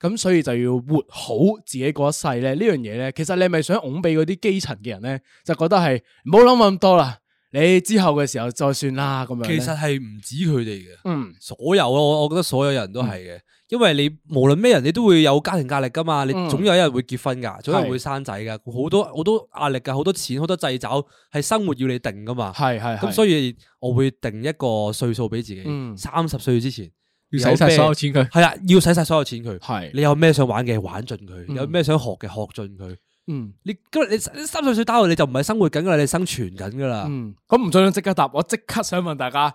咁，所以就要活好自己嗰一世咧。呢樣嘢咧，其實你係咪想拱俾嗰啲基層嘅人咧？就覺得係唔好諗咁多啦。你之後嘅時候再算啦，咁樣。其實係唔止佢哋嘅，嗯，所有咯，我我覺得所有人都係嘅，因為你無論咩人，你都會有家庭壓力噶嘛，你總有一日會結婚噶，總係會生仔噶，好多好多壓力噶，好多錢，好多掣肘，係生活要你定噶嘛。係係。咁所以我會定一個歲數俾自己，三十歲之前，要使晒所有錢佢。係啊，要使晒所有錢佢。係。你有咩想玩嘅玩盡佢，有咩想學嘅學盡佢。嗯，你今日你三十歲打後，你就唔係生活緊噶啦，你生存緊噶啦。嗯，咁唔再想即刻答，我即刻想問大家：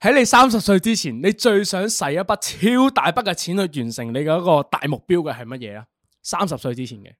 喺你三十歲之前，你最想使一筆超大筆嘅錢去完成你嘅一個大目標嘅係乜嘢啊？三十歲之前嘅。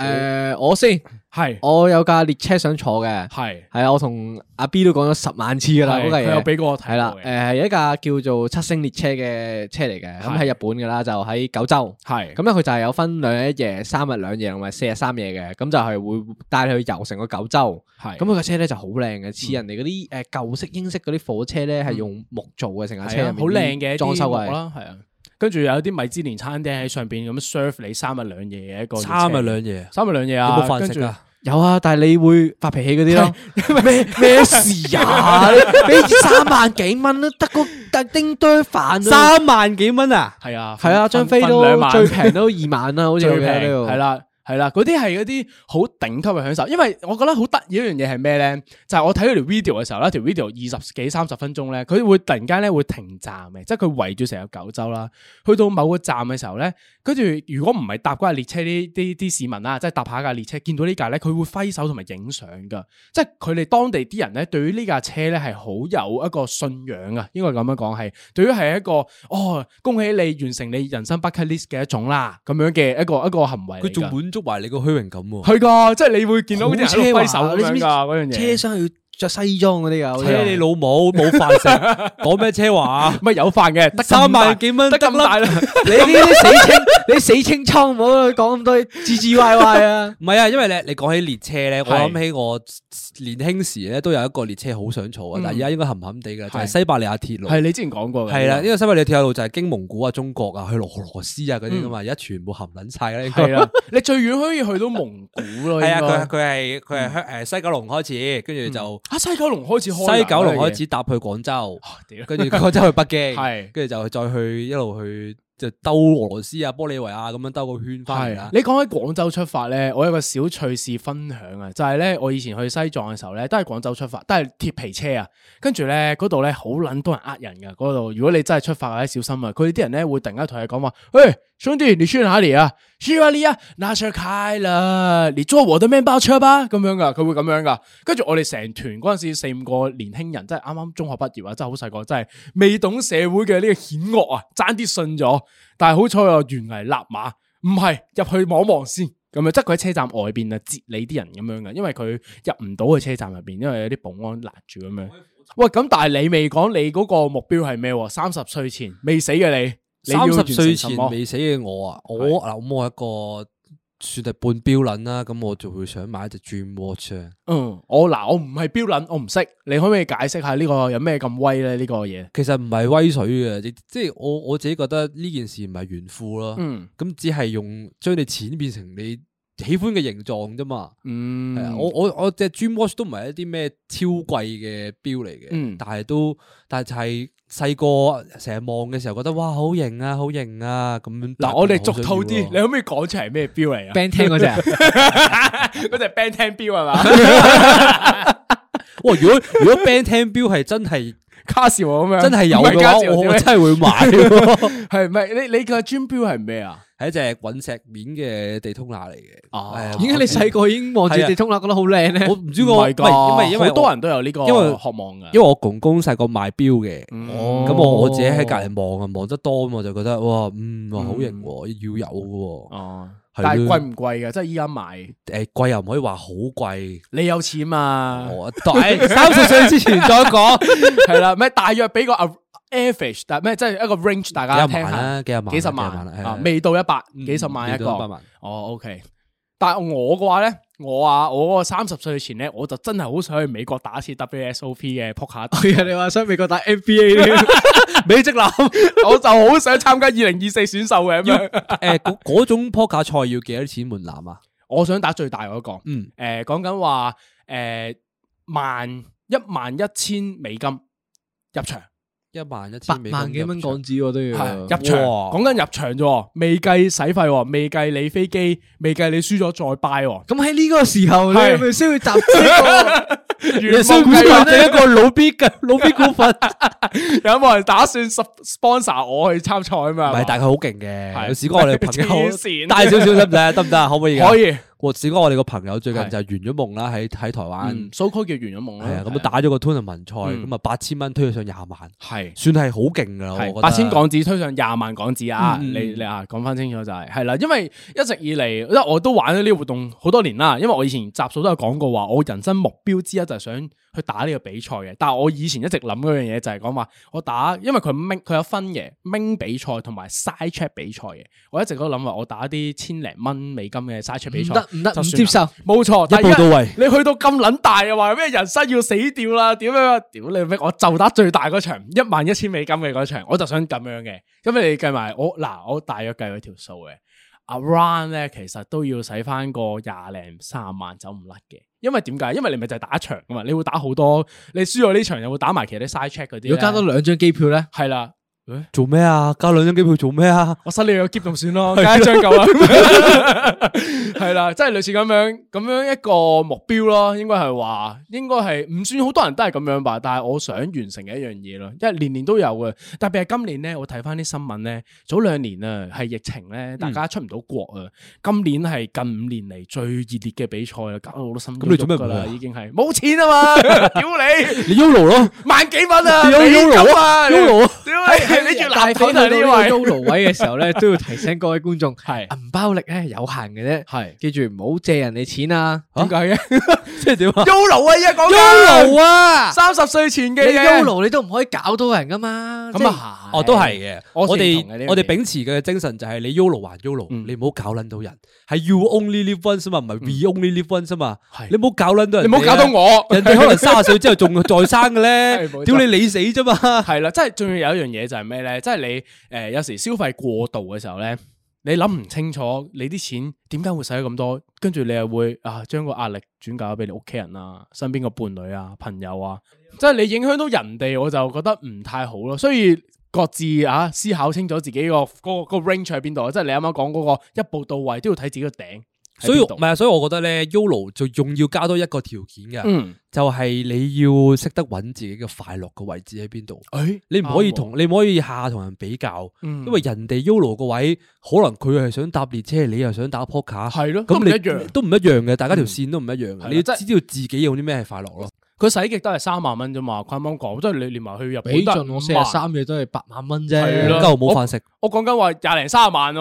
誒，我先係，我有架列車想坐嘅。係，係啊，我同阿 B 都講咗十萬次噶啦，佢有俾過我睇啦，誒，有一架叫做七星列車嘅車嚟嘅，咁喺日本噶啦，就喺九州，係，咁咧佢就係有分兩日一夜、三日兩夜同埋四日三夜嘅，咁就係會帶你去遊成個九州，係，咁佢架車咧就好靚嘅，似人哋嗰啲誒舊式英式嗰啲火車咧係用木做嘅成架車，好靚嘅裝修啊，係啊。跟住有啲米芝蓮餐廳喺上邊，咁 serve 你三日兩夜嘅一個，三日兩夜，三日兩夜啊，有冇飯食啊？著有啊，但係你會發脾氣嗰啲咯，咩咩 事啊？俾 三萬幾蚊都得個丁堆飯，啊，三萬幾蚊啊？係啊，係啊，張飛都最平都二萬啦，好似最平呢度係啦。係啦，嗰啲係嗰啲好頂級嘅享受，因為我覺得好得意一樣嘢係咩咧？就係、是、我睇佢條 video 嘅時候咧，條 video 二十幾三十分鐘咧，佢會突然間咧會停站嘅，即係佢圍住成個九州啦，去到某個站嘅時候咧。跟住，如果唔係搭嗰架列車，呢啲啲市民啦，即係搭下架列車，見到呢架咧，佢會揮手同埋影相噶，即係佢哋當地啲人咧，對於呢架車咧係好有一個信仰啊。應該咁樣講係，對於係一個哦，恭喜你完成你人生 bucket list 嘅一種啦，咁樣嘅一個一個，一個行為，佢仲滿足埋你個虛榮感，啊，係噶，即係你會見到嗰啲車揮手咁樣噶嗰樣嘢，知知車廂要。着西裝嗰啲啊，車你老母冇飯食，講咩車話？乜有飯嘅，得三萬幾蚊得咁大啦！你呢啲死清，你死清倉，唔好講咁多嘰嘰歪歪啊！唔係啊，因為咧，你講起列車咧，我諗起我年輕時咧都有一個列車好想坐啊，但係而家應該冚冚地嘅，就係西伯利亞鐵路。係你之前講過嘅。係啦，呢個西伯利亞鐵路就係經蒙古啊、中國啊、去俄羅斯啊嗰啲噶嘛，而家全部含撚晒啦，應該。係啦，你最遠可以去到蒙古咯。係啊，佢佢係佢係香誒西九龍開始，跟住就。啊！西九龍開始開、啊、西九龍開始搭去廣州，跟住廣州去北京，跟住 是就再去一路去。就兜俄羅斯啊、玻利維亞咁樣兜個圈翻嚟。你講喺廣州出發咧，我有個小趣事分享啊，就係咧我以前去西藏嘅時候咧，都係廣州出發，都係鐵皮車啊。跟住咧嗰度咧好撚多人呃人噶，嗰度如果你真係出發啊，小心啊！佢哋啲人咧會突然間同你講話：喂，兄弟，你穿下嚟啊，穿下嚟啊，車開啦，你坐我的麪包車吧。咁樣噶，佢會咁樣噶。跟住我哋成團嗰陣時，四五個年輕人，真係啱啱中學畢業啊，真係好細個，真係未懂社會嘅呢個險惡啊，爭啲信咗。但係好彩我懸崖勒馬，唔係入去望望先，咁樣即係佢喺車站外邊啊，接你啲人咁樣嘅，因為佢入唔到去車站入邊，因為有啲保安攔住咁樣。喂，咁但係你未講你嗰個目標係咩？三十歲前未死嘅你，三十歲前未死嘅我啊，我嗱我一個。算係半標撚啦，咁我就會想買一隻 Dream Watch。嗯，我嗱，我唔係標撚，我唔識，你可唔可以解釋下，這個、么么呢個有咩咁威咧？呢個嘢，其實唔係威水嘅，即係我我自己覺得呢件事唔係炫富咯。嗯，咁只係用將你錢變成你。喜歡嘅形狀啫嘛，係啊，我我我隻 Dream Watch 都唔係一啲咩超貴嘅錶嚟嘅，但係都但係就係細個成日望嘅時候覺得哇好型啊好型啊咁樣。嗱我哋俗套啲，你可唔可以講出係咩錶嚟啊？Band 聽嗰隻，嗰隻 Band 聽錶啊嘛。哇！如果如果 Band 聽錶係真係卡士少咁樣，真係有嘅話我真係會買。係唔係你你個 Dream 錶係咩啊？係一隻滾石面嘅地通拿嚟嘅，已經你細個已經望住地通拿，覺得好靚咧。我唔知我因為因為好多人都有呢個渴望。因為我公公細個賣表嘅，咁我我自己喺隔籬望啊，望得多咁，我就覺得哇，嗯，好型，要有嘅。哦，但係貴唔貴嘅？即係依家買誒，貴又唔可以話好貴。你有錢啊？我三十歲之前再講，係啦，咩大約俾個 Average 但係咩？即係一個 range，大家聽下。幾廿萬，幾十萬，幾十萬，對對對啊，未到一百，幾十萬一個。嗯、一百萬？哦，OK。但係我嘅話咧，我啊，我三十歲前咧，我就真係好想去美國打一次 WSOP 嘅撲克。對，你話想美國打 NBA， 美職積籃，我就好想參加二零二四選秀嘅咁樣。誒、呃，嗰嗰種撲克賽要幾多錢門檻啊？我想打最大嗰、嗰個。嗯、呃。誒，講緊話，誒，萬一萬一千美金入場。一萬一千萬幾蚊港紙我都要，入場講緊哇入場啫，未計使費，未計你飛機，未計你輸咗再拜。咁喺呢個時候，你係咪先會搭車。你需唔需要,個 需要一個老 B 嘅老 B 股份？ 有冇人打算 sponsor 我去參賽啊？唔係， 但係佢好勁嘅，係事關我哋朋友， 大少少得唔得？得唔得？可唔可以？可以。可以只小哥我哋個朋友最近就圓咗夢啦，喺喺台灣，so called 圓咗夢啦。係啊對，咁的打咗個 tournament 賽，咁啊八千蚊推上廿萬，係的算係好勁噶。八千港紙推上廿萬港紙啊、嗯！你你啊，講翻清楚就係係啦，因為一直以嚟，因為我都玩咗呢啲活動好多年啦。因為我以前集數都有講過話，我人生目標之一就係想去打呢個比賽嘅。但係我以前一直諗嗰樣嘢就係講話，我打因為佢明佢有分嘅明比賽同埋 side check 比賽嘅。我一直都諗話我打啲千零蚊美金嘅 side check 比賽。唔得唔接受，冇錯，錯一步到位。你去到咁捻大啊，話咩人生要死掉啦？點樣？屌你咩？我就打最大嗰場，一萬一千美金嘅嗰場，我就想咁樣嘅。咁你計埋我嗱，我大約計咗條數嘅，阿 Ron 咧其實都要使翻個廿零三萬走唔甩嘅。因為點解？因為你咪就係打一場噶嘛，你會打好多，你輸咗呢場又會打埋其他啲 side check 啲。如果加多兩張機票咧，係啦。做咩啊？交兩張機票做咩啊？我失戀咗，keep 就算咯，加一張夠啦。係啦，即係類似咁樣咁樣一個目標咯，應該係話，應該係唔算好多人都係咁樣吧。但係我想完成嘅一樣嘢咯，因為年年都有嘅。特別係今年咧，我睇翻啲新聞咧，早兩年啊係疫情咧，大家出唔到國啊。今年係近五年嚟最熱烈嘅比賽啊，搞到好多心機，你做咩噶啦，已經係冇錢啊嘛，屌你，你 Yolo 咯，萬幾蚊啊，你 Yolo 啊 Yolo 你大嫂喺呢個 YOLO 位嘅時候咧，都要提醒各位觀眾，係銀包力咧有限嘅啫。係記住唔好借人哋錢啊！點解嘅？即係點啊？YOLO 啊，依家講 YOLO 啊，三十歲前嘅你 YOLO 你都唔可以搞到人噶嘛？咁啊，哦，都係嘅。我哋我哋秉持嘅精神就係你 YOLO 還 YOLO 你唔好搞撚到人。係 You only live once 嘛，唔係 We only live once 嘛？你唔好搞撚到人，你唔好搞到我。人哋可能三十歲之後仲再生嘅咧。屌你你死啫嘛？係啦，真係仲要有一樣嘢就係。係咩咧？即係你誒，有時消費過度嘅時候咧，你諗唔清楚你啲錢點解會使咗咁多，跟住你又會啊，將個壓力轉嫁咗俾你屋企人啊、身邊個伴侶啊、朋友啊，即係你影響到人哋，我就覺得唔太好咯。所以各自啊，思考清楚自己、嗰個、嗰個個 range 喺邊度啊，即係你啱啱講嗰個一步到位都要睇自己個頂。所以唔係啊，所以我覺得咧，Yolo 就仲要加多一個條件嘅，就係你要識得搵自己嘅快樂嘅位置喺邊度。誒，你唔可以同，你唔可以下同人比較，因為人哋 Yolo 個位可能佢係想搭列車，你又想打 Poker，係咯，咁唔一樣，都唔一樣嘅，大家條線都唔一樣嘅。你要知道自己有啲咩係快樂咯。佢洗極都係三萬蚊啫嘛，佢啱啱講，即係你連埋去日本四啊三嘢，都係八萬蚊啫，夠冇飯食。我講緊話廿零卅萬。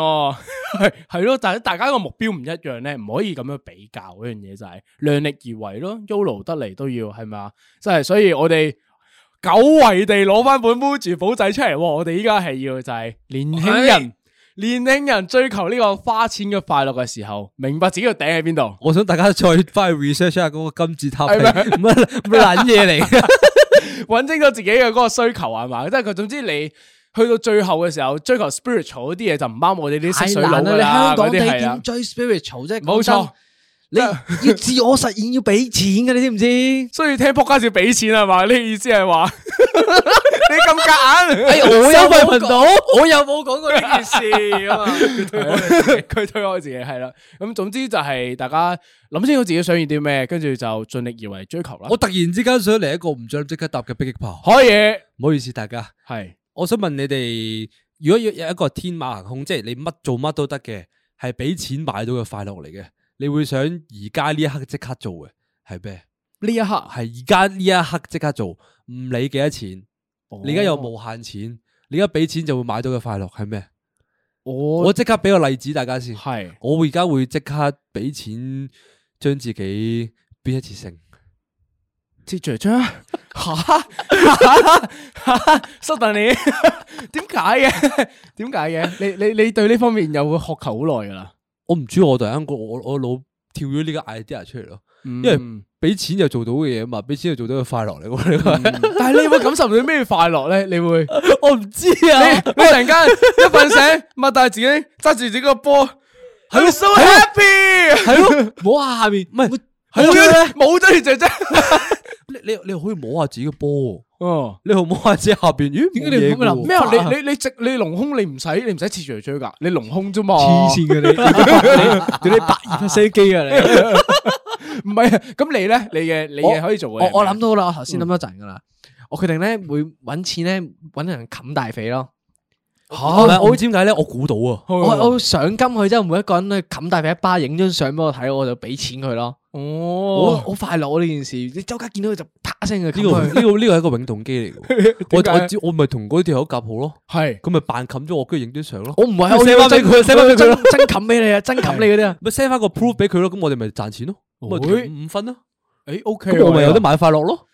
係係咯，但係 大家個目標唔一樣咧，唔可以咁樣比較嗰樣嘢，就係量力而為咯。YOLO 得嚟都要係咪啊？即係所以我哋久違地攞翻本 Muji 簿仔出嚟，我哋依家係要就係年輕人，喂年輕人追求呢個花錢嘅快樂嘅時候，明白自己個頂喺邊度。我想大家再翻去 research 下嗰個金字塔係咩捻嘢嚟，搵清楚自己嘅嗰個需求係嘛？即係佢總之你。.去到最後嘅時候，追求 spiritual 嗰啲嘢就唔啱我哋啲識水佬噶啦。香港地點追 spiritual 啫，冇錯。你要自我實現要俾錢嘅，你知唔知？所以聽扑街少要俾錢係嘛？呢個意思係話你咁夾硬。我又問唔到，我又冇講過呢件事啊嘛。佢推我自己，係啦。咁總之就係大家諗清楚自己想要啲咩，跟住就盡力而為追求啦。我突然之間想嚟一個唔想即刻答嘅飛機炮，可以。唔好意思，大家係。我想問你哋，如果要有一個天馬行空，即係你乜做乜都得嘅，係俾錢買到嘅快樂嚟嘅，你會想而家呢一刻即刻做嘅係咩？呢一刻係而家呢一刻即刻做，唔理幾多錢，哦、你而家有無限錢，你而家俾錢就會買到嘅快樂係咩？哦、我我即刻俾個例子大家先，係是我會而家會即刻俾錢將自己變一次性。接住張吓，哈，吓吓吓 s t e p e n 點解嘅？點解嘅？你你你對呢方面有會渴求好耐噶啦？我唔知，我突然間我我腦跳咗呢個 idea 出嚟咯，因為俾錢就做到嘅嘢嘛，俾錢就做到嘅快樂嚟。嗯、但係你有冇感受到咩快樂咧？嗯、你會我唔知啊你！你突然間一瞓醒，擘大自己揸住自己個波，I'm so happy，係咯，摸下字幕、啊、下面唔係。是冇啫，冇啫，姐姐。 你你你又可以摸下自己個波，哦、嗯，你又摸下自己下邊，咦，點解你咁嘅？咩啊？你 你你直你隆胸，你唔使你唔使切住嚟追噶，你隆胸啫嘛。黐線嘅你，做啲百葉飛機啊你。唔係啊，咁你咧，你嘅你嘅我可以做嘅。我我諗到啦，我頭先諗咗陣噶啦，我，嗯、我決定咧會搵錢咧搵人冚大肥咯。吓，我點解咧？我估到啊！我我賞金佢，之後每一個人都冚大髀一巴影張相俾我睇，我就俾錢佢咯。哦，好快樂啊！呢件事，你周街見到佢就啪一聲嘅。呢個呢個呢個係一個永動機嚟嘅。我我知，我咪同嗰條友夾好咯。係，咁咪扮冚咗我，跟住影張相咯。我唔係，我 send 俾佢，send 真冚俾你啊！真冚你嗰啲啊！咪 send 翻個 proof 俾佢咯。咁我哋咪賺錢咯。五五分咯。誒，OK 啦。我咪有得買快樂咯。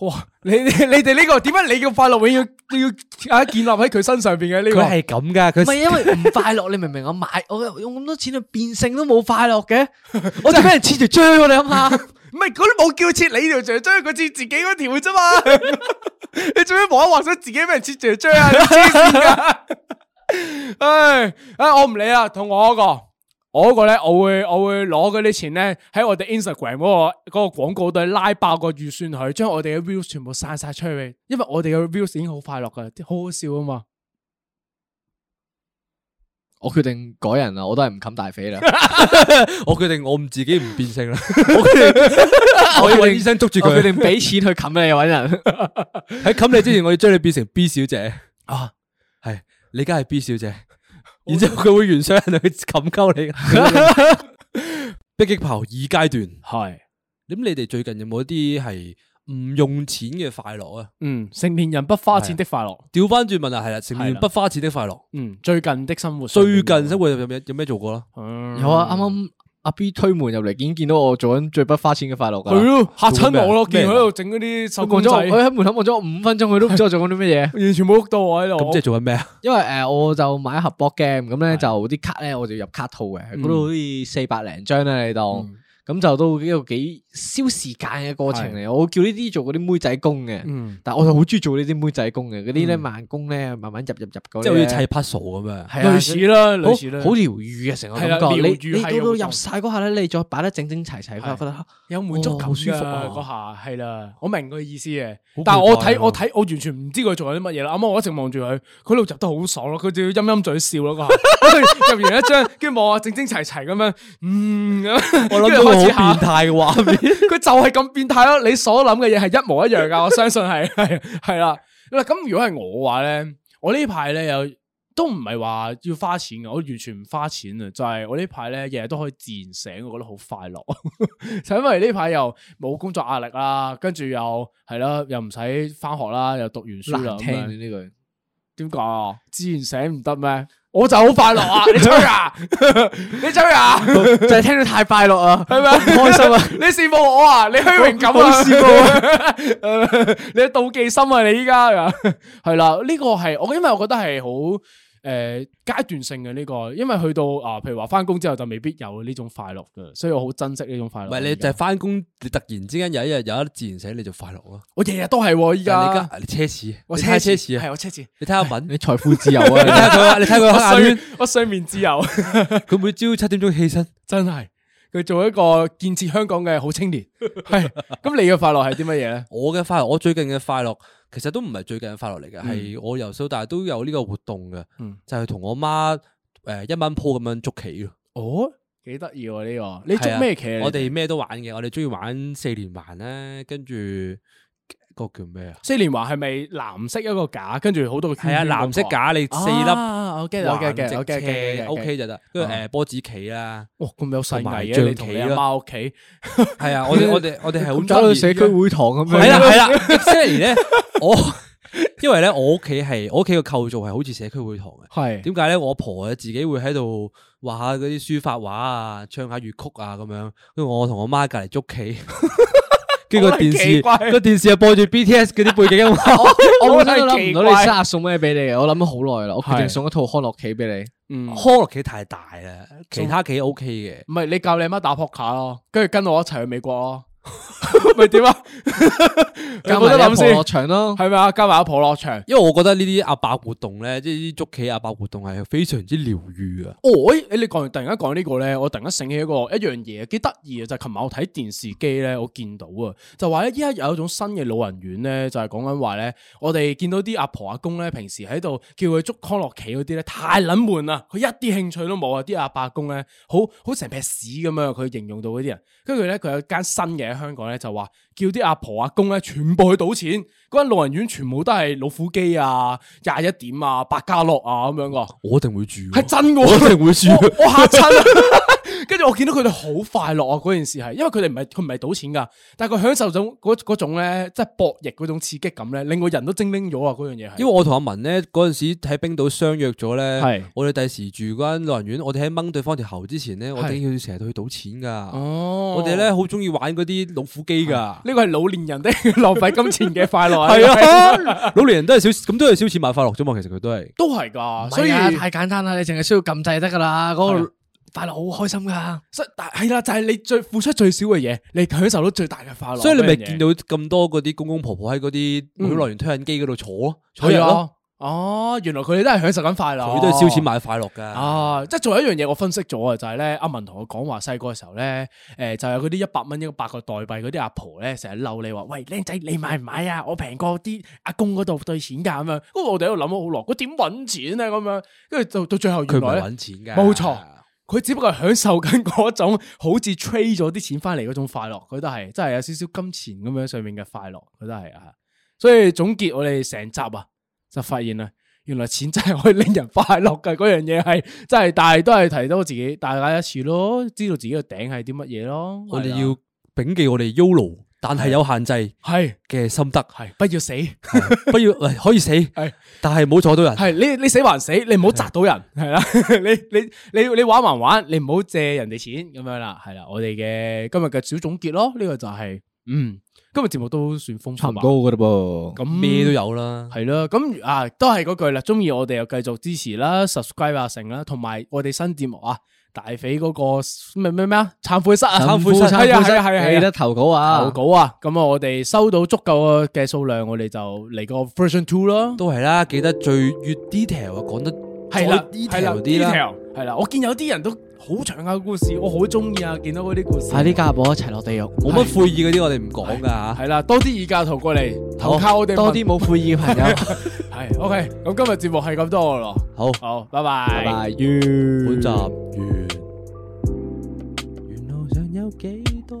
哇！你你你哋呢、這個點解，你叫快樂永遠都要啊建立喺佢身上邊嘅？呢個係咁噶，唔係因為唔快樂。你明唔明我買，我用咁多錢去變性都冇快樂嘅？我做咩俾人切條章、啊、你諗下？唔係嗰啲冇叫切你條追佢切自己嗰條啫嘛？ 你做咩無啦啦話想自己俾人切住追啊？你黐線噶！唉唉、 哎，我唔理啦，同我嗰、那個。我嗰個咧，我會我會攞嗰啲錢咧喺我哋 Instagram 嗰個嗰個廣告度拉爆個預算去，將我哋嘅 views 全部散晒出去，因為我哋嘅 views 已經好快樂噶啦，好好笑啊嘛！我決定改人啊，我都係唔冚大肥啦， 我決定我唔自己唔變性啦， 我決定我要揾醫生捉住佢， 我決定俾 定錢去冚你揾人。喺 冚你之前，我要將你變成 B 小姐 啊，係你而家係 B 小姐。 然之後佢會原想人哋去禁鳩你，你 迫擊炮二階段係。咁是你哋最近有冇一啲係唔用錢嘅快樂啊？嗯，成年人不花錢的快樂。調翻轉問啊，係啦、啊，成年人不花錢的快樂、啊。嗯，最近的生活。最近生活有咩有咩做過啦？嗯、有啊，啱啱。阿 B 推門入嚟，已經見到我做緊最不花錢嘅快樂，係咯嚇親我咯，見佢喺度整嗰啲手工仔，佢喺門口望咗我五分鐘，佢都唔知我做緊啲乜嘢， 完全冇喐到我喺度。咁即係做緊咩啊？因為誒、呃，我就買一盒 box game，咁咧就啲卡咧，的我就入卡套嘅，嗰度的好似四百零張啦，你當，咁、嗯、就都一個幾。消時間嘅過程嚟，我叫呢啲做嗰啲妹仔工嘅，但我就好中意做呢啲妹仔工嘅，嗰啲咧慢工咧，慢慢入入入咁，即係好似砌 puzzle 咁啊，類似啦，類似啦，好療愈嘅成個感覺，你你到到入晒嗰下咧，你再擺得整整齊齊，覺得有滿足，好舒服嗰下，係啦，我明佢意思嘅，但係我睇我睇我完全唔知佢做緊啲乜嘢啦，啱啱我一直望住佢，佢度入得好爽咯，佢就要陰陰嘴笑咯，下，入完一張，跟住望下整整齊齊咁樣，嗯，我諗到好變態嘅畫面。佢 就係咁變態咯，你所諗嘅嘢係一模一樣噶，我相信係係係啦。咁 如果係我話咧，我呢排咧又都唔係話要花錢噶，我完全唔花錢啊。就係、是、我呢排咧，日日都可以自然醒，我覺得好快樂。 就因為呢排又冇工作壓力啦，跟住又係咯，又唔使翻學啦，又讀完書啦咁樣。呢個點講啊？自然醒唔得咩？我就好快樂啊！你吹啊！你吹啊！ 就係聽到太快樂啊是是，係咪？唔開心啊！ 你羨慕我啊！你虛榮感啊我！我啊 你係妒忌心啊！你依家啊，係啦，呢個係我因為我覺得係好。誒，階段性嘅呢個，因為去到啊，譬如話翻工之後就未必有呢種快樂㗎，所以我好珍惜呢種快樂。唔係你就係翻工，你突然之間有一日有一自然醒，你就快樂咯。我日日都係依家，你奢侈，我奢奢侈啊，係我奢侈。你睇下文，你財富自由啊，你睇佢，你睇佢阿，我睡眠自由。佢每朝七點鐘起身，真係，佢做一個建設香港嘅好青年。係咁，你嘅快樂係啲乜嘢咧？我嘅快樂，我最近嘅快樂。其實都唔係最近發落嚟嘅，係、嗯、我由小大都有呢個活動嘅，嗯、就係同我媽誒、呃、一蚊鋪咁樣捉棋哦，幾得意喎呢個！你捉咩棋、啊啊？我哋咩都玩嘅，我哋中意玩四連環咧，跟住。個叫咩啊？四連環係咪藍色一個架？跟住好多個係啊，藍色架你四粒，我記住，我記住，我記住，O K 就得。跟住誒，波子棋啊，哇，咁有細味啊！你同阿媽屋企係啊，我哋，我哋我哋係好搞去社區會堂咁樣。係啦係啦，即係咧，我因為咧我屋企係我屋企個構造係好似社區會堂嘅。係點解咧？我婆啊自己會喺度畫下嗰啲書法畫啊，唱下粵曲啊咁樣。跟住我同我媽隔籬捉棋。跟住個電視，個電視又播住 BTS 嗰啲背景音樂。 我真係諗唔到你生日送咩俾你。我諗咗好耐啦。我決定送一套康樂棋俾你。嗯，康樂棋太大啦，其他棋 OK 嘅。唔係、嗯、你教你媽打撲克咯，跟住跟我一齊去美國咯。咪點 啊？ 加埋阿婆落場咯，係咪啊？加埋阿婆落場，因為我覺得呢啲阿伯活動咧，即係啲捉棋阿伯活動係非常之療癒啊！哦，誒、欸，你講完突然間講呢個咧，我突然間醒起一個一樣嘢，幾得意嘅就係琴日我睇電視機咧，我見到啊，就話咧依家，有一種新嘅老人院咧，就係講緊話咧，我哋見到啲阿婆阿公咧，平時喺度叫佢捉康樂棋嗰啲咧，太冷門啦，佢一啲興趣都冇啊！啲阿伯阿公咧，好好成片屎咁樣，佢形容到嗰啲人，跟住咧佢有間新嘅。香港咧就話叫啲阿婆阿公咧全部去賭錢，嗰間老人院全部都係老虎機啊、廿一點啊、百家樂啊咁樣噶，我一定會住，係真噶、啊，我一定會住我。我吓親。 跟住我見到佢哋好快樂啊！嗰件事係，因為佢哋唔係佢唔係賭錢噶，但係佢享受咗嗰嗰種咧，即係博弈嗰種刺激感咧，令個人都精靈咗啊！嗰樣嘢係，因為我同阿文咧嗰陣時喺冰島相約咗咧，是我哋第時住嗰間老人院，我哋喺掹對方條喉之前咧，是我哋要成日都去賭錢噶。哦，我哋咧好中意玩嗰啲老虎機噶。呢個係老年人的浪費 金錢嘅快樂。係 啊， 老年人都係少咁，都係少錢買快樂啫嘛。其實佢都係都係噶，啊、所以太簡單啦。你淨係需要撳掣得噶啦個。快樂好開心噶，所以但係啦，就係、是、你最付出最少嘅嘢，你享受到最大嘅快樂。所以你咪見到咁多嗰啲公公婆婆喺嗰啲遊樂園推銀機嗰度坐、嗯、咯，坐咯。哦，原來佢哋都係享受緊快樂，佢都係燒錢買快樂噶。啊，即係仲有一樣嘢，我分析咗啊，就係、是、咧，阿文同我講話細個嘅時候咧，誒，就有嗰啲一百蚊一個百個代幣，嗰啲阿婆咧成日嬲你話，喂，靚仔你買唔買啊？我平過啲阿公嗰度兌錢噶咁樣。不過我哋喺度諗咗好耐，我點搵錢咧咁樣？跟住就到最後，佢唔搵錢噶，冇錯。佢只不過係享受緊嗰種好似吹咗啲錢翻嚟嗰種快樂，佢都係，真係有少少金錢咁樣上面嘅快樂，佢都係啊。所以總結我哋成集啊，就發現啊，原來錢真係可以令人快樂嘅，嗰樣嘢係真係，但係都係提到自己大家一次咯，知道自己嘅頂係啲乜嘢咯。我哋要銘記我哋 Yolo。但係有限制，係嘅心得係，不要死，不要嚟，可以死，係，但係冇坐到人。係你你死還死，你唔好砸到人，係啦，你你你你玩還玩，你唔好借人哋錢咁樣啦，係啦，我哋嘅今日嘅小總結咯，呢個就係，嗯，今日節目都算豐富，差唔多噶啦噃，咩都有啦，係咯，咁啊，都係嗰句啦，中意我哋又繼續支持啦，subscribe 啊成啦，同埋我哋新節目啊。大匪嗰個咩咩咩啊？懺悔室啊，懺悔室係啊係啊，記得投稿啊，投稿啊，咁啊我哋收到足夠嘅數量，我哋就嚟個 version two 咯。都係啦，記得最越 detail 啊，講得再 detail 嗰啲啦，係啦，我見有啲人都。好長嘅故事，我好中意啊！見到嗰啲故事，快啲加我一，一齊落地獄，冇乜悔意嗰啲、啊，我哋唔講噶吓。係啦，多啲異教徒過嚟投好靠我哋，多啲冇悔意嘅朋友。係 ，OK，咁今日節目係咁多咯。好，好，拜拜，拜拜，完，本集完。路上有幾多